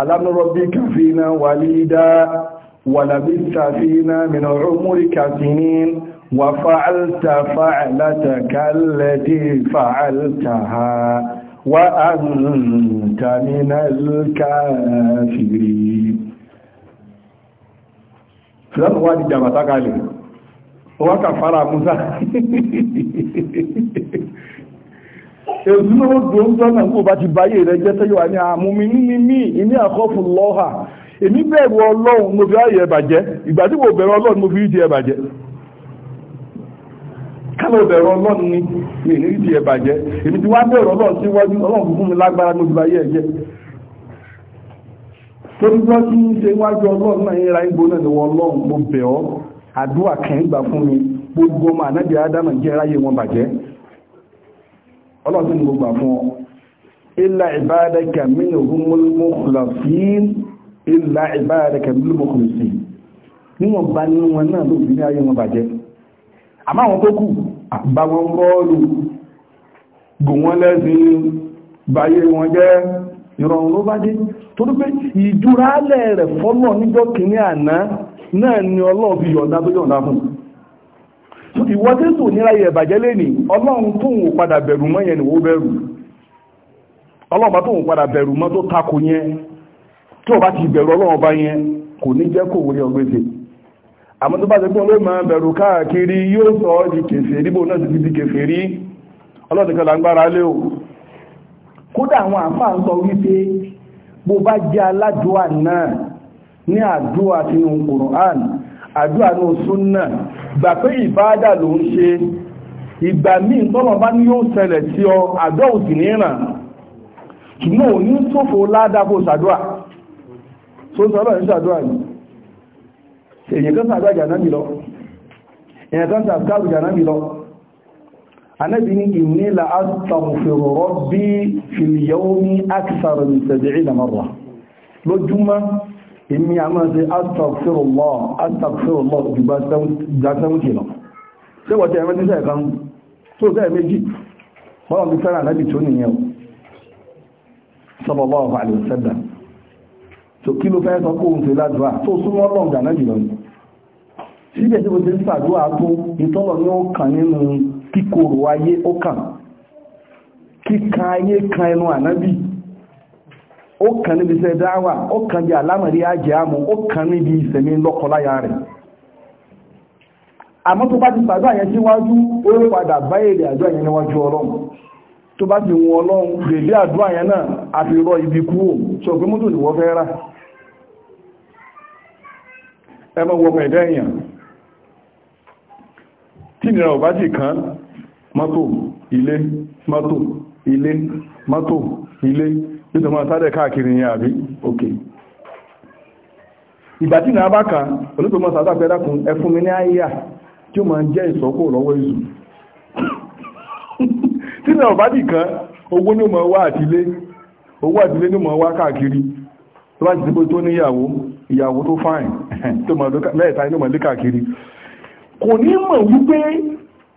ألم ربك فينا وليدا ولبثت فينا من عمرك سنين وفعلت فعلتك التي فعلتها وأنت من الكافرين فلان وادي جابتك عليه وكفر موسى èyí ló dò ń tọ́nà kó bá ti báyé rẹ jẹ́ tẹ́yọ̀ àní àmúmi ní mí ìní àkọ́fù lọ́hà èmi bẹ̀rù ọlọ́run mo fi ráyè ẹ̀bàjẹ́ ìgbà tí mo bẹ̀rù ọlọ́run mo fi rí ti ẹ̀bàjẹ́ kálọ̀ bẹ̀rù ọlọ́run ni mi ní rí ti ẹ̀bàjẹ́ èmi ti wá bẹ̀rù ọlọ́run tí wọ́n ní ọlọ́run fún mi lágbára mo fi báyé ẹ̀jẹ́ torí wọ́n ti ń ṣe wájú ọlọ́run náà yẹra ń gbóná ni wọ́n ọlọ́run mo bàjẹ́ ọlọ́dún gbogbo àfún ọ illa ibadaka minhumul mukhlasin illa ibadaka minhumul mukhlasin níwọ̀n bá nínú wọn náà ló fi ní ayé wọn bàjẹ́ àmọ́ àwọn tó kù bá wọn bọ́ọ̀lù gò wọ́n lẹ́sìn báyé wọn jẹ́ ìrọ̀rùn ló bá dé torí ìwọ tí sùn níra yẹ ìbàjẹ́ lẹ́ni ọlọ́run tó ń padà bẹ̀rù mọ́ yẹn ni wó bẹ̀rù ọlọ́run bá tó ń padà bẹ̀rù mọ́ tó tako yẹn tí o bá ti bẹ̀rù ọlọ́run bá yẹn kò ní jẹ́ kò wọlé ọgbẹ́sẹ̀ àmọ́ tó bá ti pọ́n ló máa bẹ̀rù káàkiri yóò sọ ọ́ di kèfèrí bó náà ti di kèfèrí ọlọ́run kan lágbára lé o kódà àwọn àfáà ń sọ wípé bó bá jẹ́ aládùúà náà ní àdúrà sínú Kùránì àdúrà ní súnnà gbà pé ìbáadà ló ń ṣe ìgbà míì tọ́lọ̀ bá ní yóò ṣẹlẹ̀ sí ọ àdúrà òsì ní ìràn ṣùgbọ́n ò ní ṣòfò ládàbò ṣàdúrà tó ń sọ́lọ̀ ní ṣàdúrà ní èyàn kan ṣàdúrà jànábì lọ èyàn kan ṣàdúrà jànábì lọ anábì ní ìmúnilà astaghfiru rabbi fil yawmi akthar min sab'ina marra lójúmọ́ èmi a máa ṣe astagfirullah astagfirullah jùgbà sẹ́wùtì lọ ṣé wọ́n ti ẹ̀rẹ́ tíṣẹ́ kan tó sẹ́ẹ̀ méjì bọ́lọ̀ ti fẹ́ràn lẹ́bì tó nìyẹn sallallahu alaihi wasallam tó kí ló fẹ́ sọ kó oúnjẹ ládùá tó súnmọ́ lọ́ǹdà náà jùlọ ní síbẹ̀ tí mo ti ń sàdúrà tó ìtọ́lọ̀ ní ó ayé ó kàn kíkan ayé kan ẹnu ànábì ó kàn níbi iṣẹ́ dáwà ó kàn bí alámọ̀rí ajẹ́ àmú ó kàn níbi ìsẹ̀mí lọ́kọláya rẹ̀ àmọ́ tó bá ti pàdó àyẹn síwájú ó padà bá èrè àjọ àyẹn níwájú ọlọ́run tó bá ti wọn ọlọ́run dèdé àdó àyẹn náà àti fi rọ ibi kúrò tí ọ̀pẹ́ mọ́tò lè wọ́n fẹ́ rà ẹmọ wọmọ ẹ̀dá èèyàn tí ìnira ò bá ti kàn mọ́tò ilé mọ́tò ilé mọ́tò ilé nítorí wọn sáré káàkiri yẹn àbí òkè ìgbà tí náà bá kan olóòtúmọ̀ sáré pẹ́lákun ẹfún mi ní àyíyà tí ó máa ń jẹ́ ìsọ́kò lọ́wọ́ ìzù tí náà bá dì kan owó ní ọmọ wá àtìlé owó àtìlé ní ọmọ wá káàkiri tó bá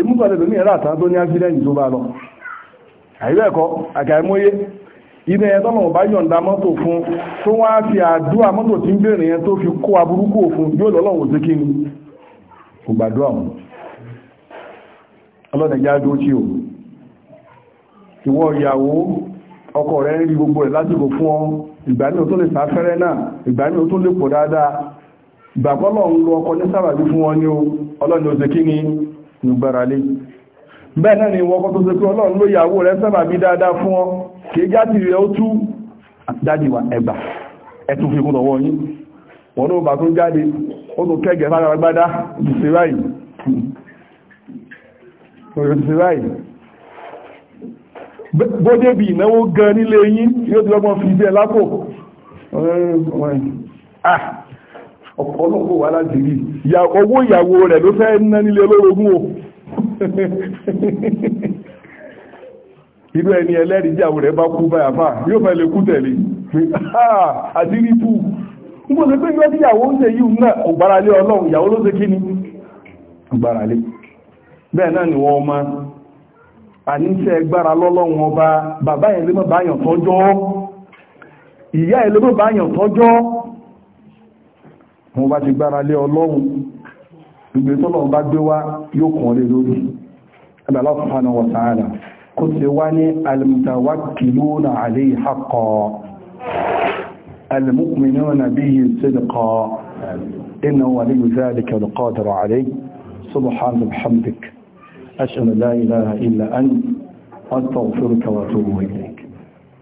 e pàdé lómi ẹ̀rọ àtàn ní áfídẹ́ǹtì tó bá lọ àìrẹ́ẹ̀kọ́ àkàìmóyé iná ẹ̀ tọ́nà bá yọ̀ǹda mọ́tò fún tó wá fi àdúrà mọ́tò tí ń bèèrè yẹn tó fi kó aburúkú òfin yóò ni rẹ̀ ń rí gbogbo rẹ̀ ọ o tó lè sáfẹ́rẹ́ náà o tó lè pọ̀ dáadáa ń lo ní sábàbí fún ní gbára lé bẹ́ẹ̀ náà ni wọ́kọ́ tó sẹ́kọ́ ọlọ́run ló yàwó rẹ̀ sábà bí dáadáa fún ọ kìí játi rẹ̀ ó tú dájíwà ẹgbà ẹ̀tún fi kúnnà wọ́n yí wọ́n ló bà tún jáde ó tún kẹ́gẹ̀ fáragbádá bódé bí ìnáwó gan nílé yín yóò ti lọ́gbọ́n fi bí ẹ lápò ah! ọ̀pọ̀lọpọ̀ wà lájìrí owó ìyàwó rẹ̀ ló fẹ́ ná nílé olórogún o irú ẹni ẹlẹ́rìí ìyàwó rẹ̀ bá kú báyà fà yóò fẹ́ lè kú tẹ̀lé àdírí tú n kò sí pé ìwé tí ìyàwó ń ṣe yìí náà kò gbára lé ọlọ́run ìyàwó ló ṣe kí ni gbára lé bẹ́ẹ̀ àníṣẹ́ gbára lọ́lọ́run ọba bàbá ẹ̀ báyàn tọ́jọ́ ìyá ẹ̀ báyàn tọ́jọ́ mo bá ti gbára lé ọlọ́run ìgbé tọ́lọ̀ bá gbé wá yóò kàn lé lórí Allah subhanahu wa ta'ala kó ti wá ní al-mutawakkiluna alayhi haqqan al-mu'minuna bihi sidqan innahu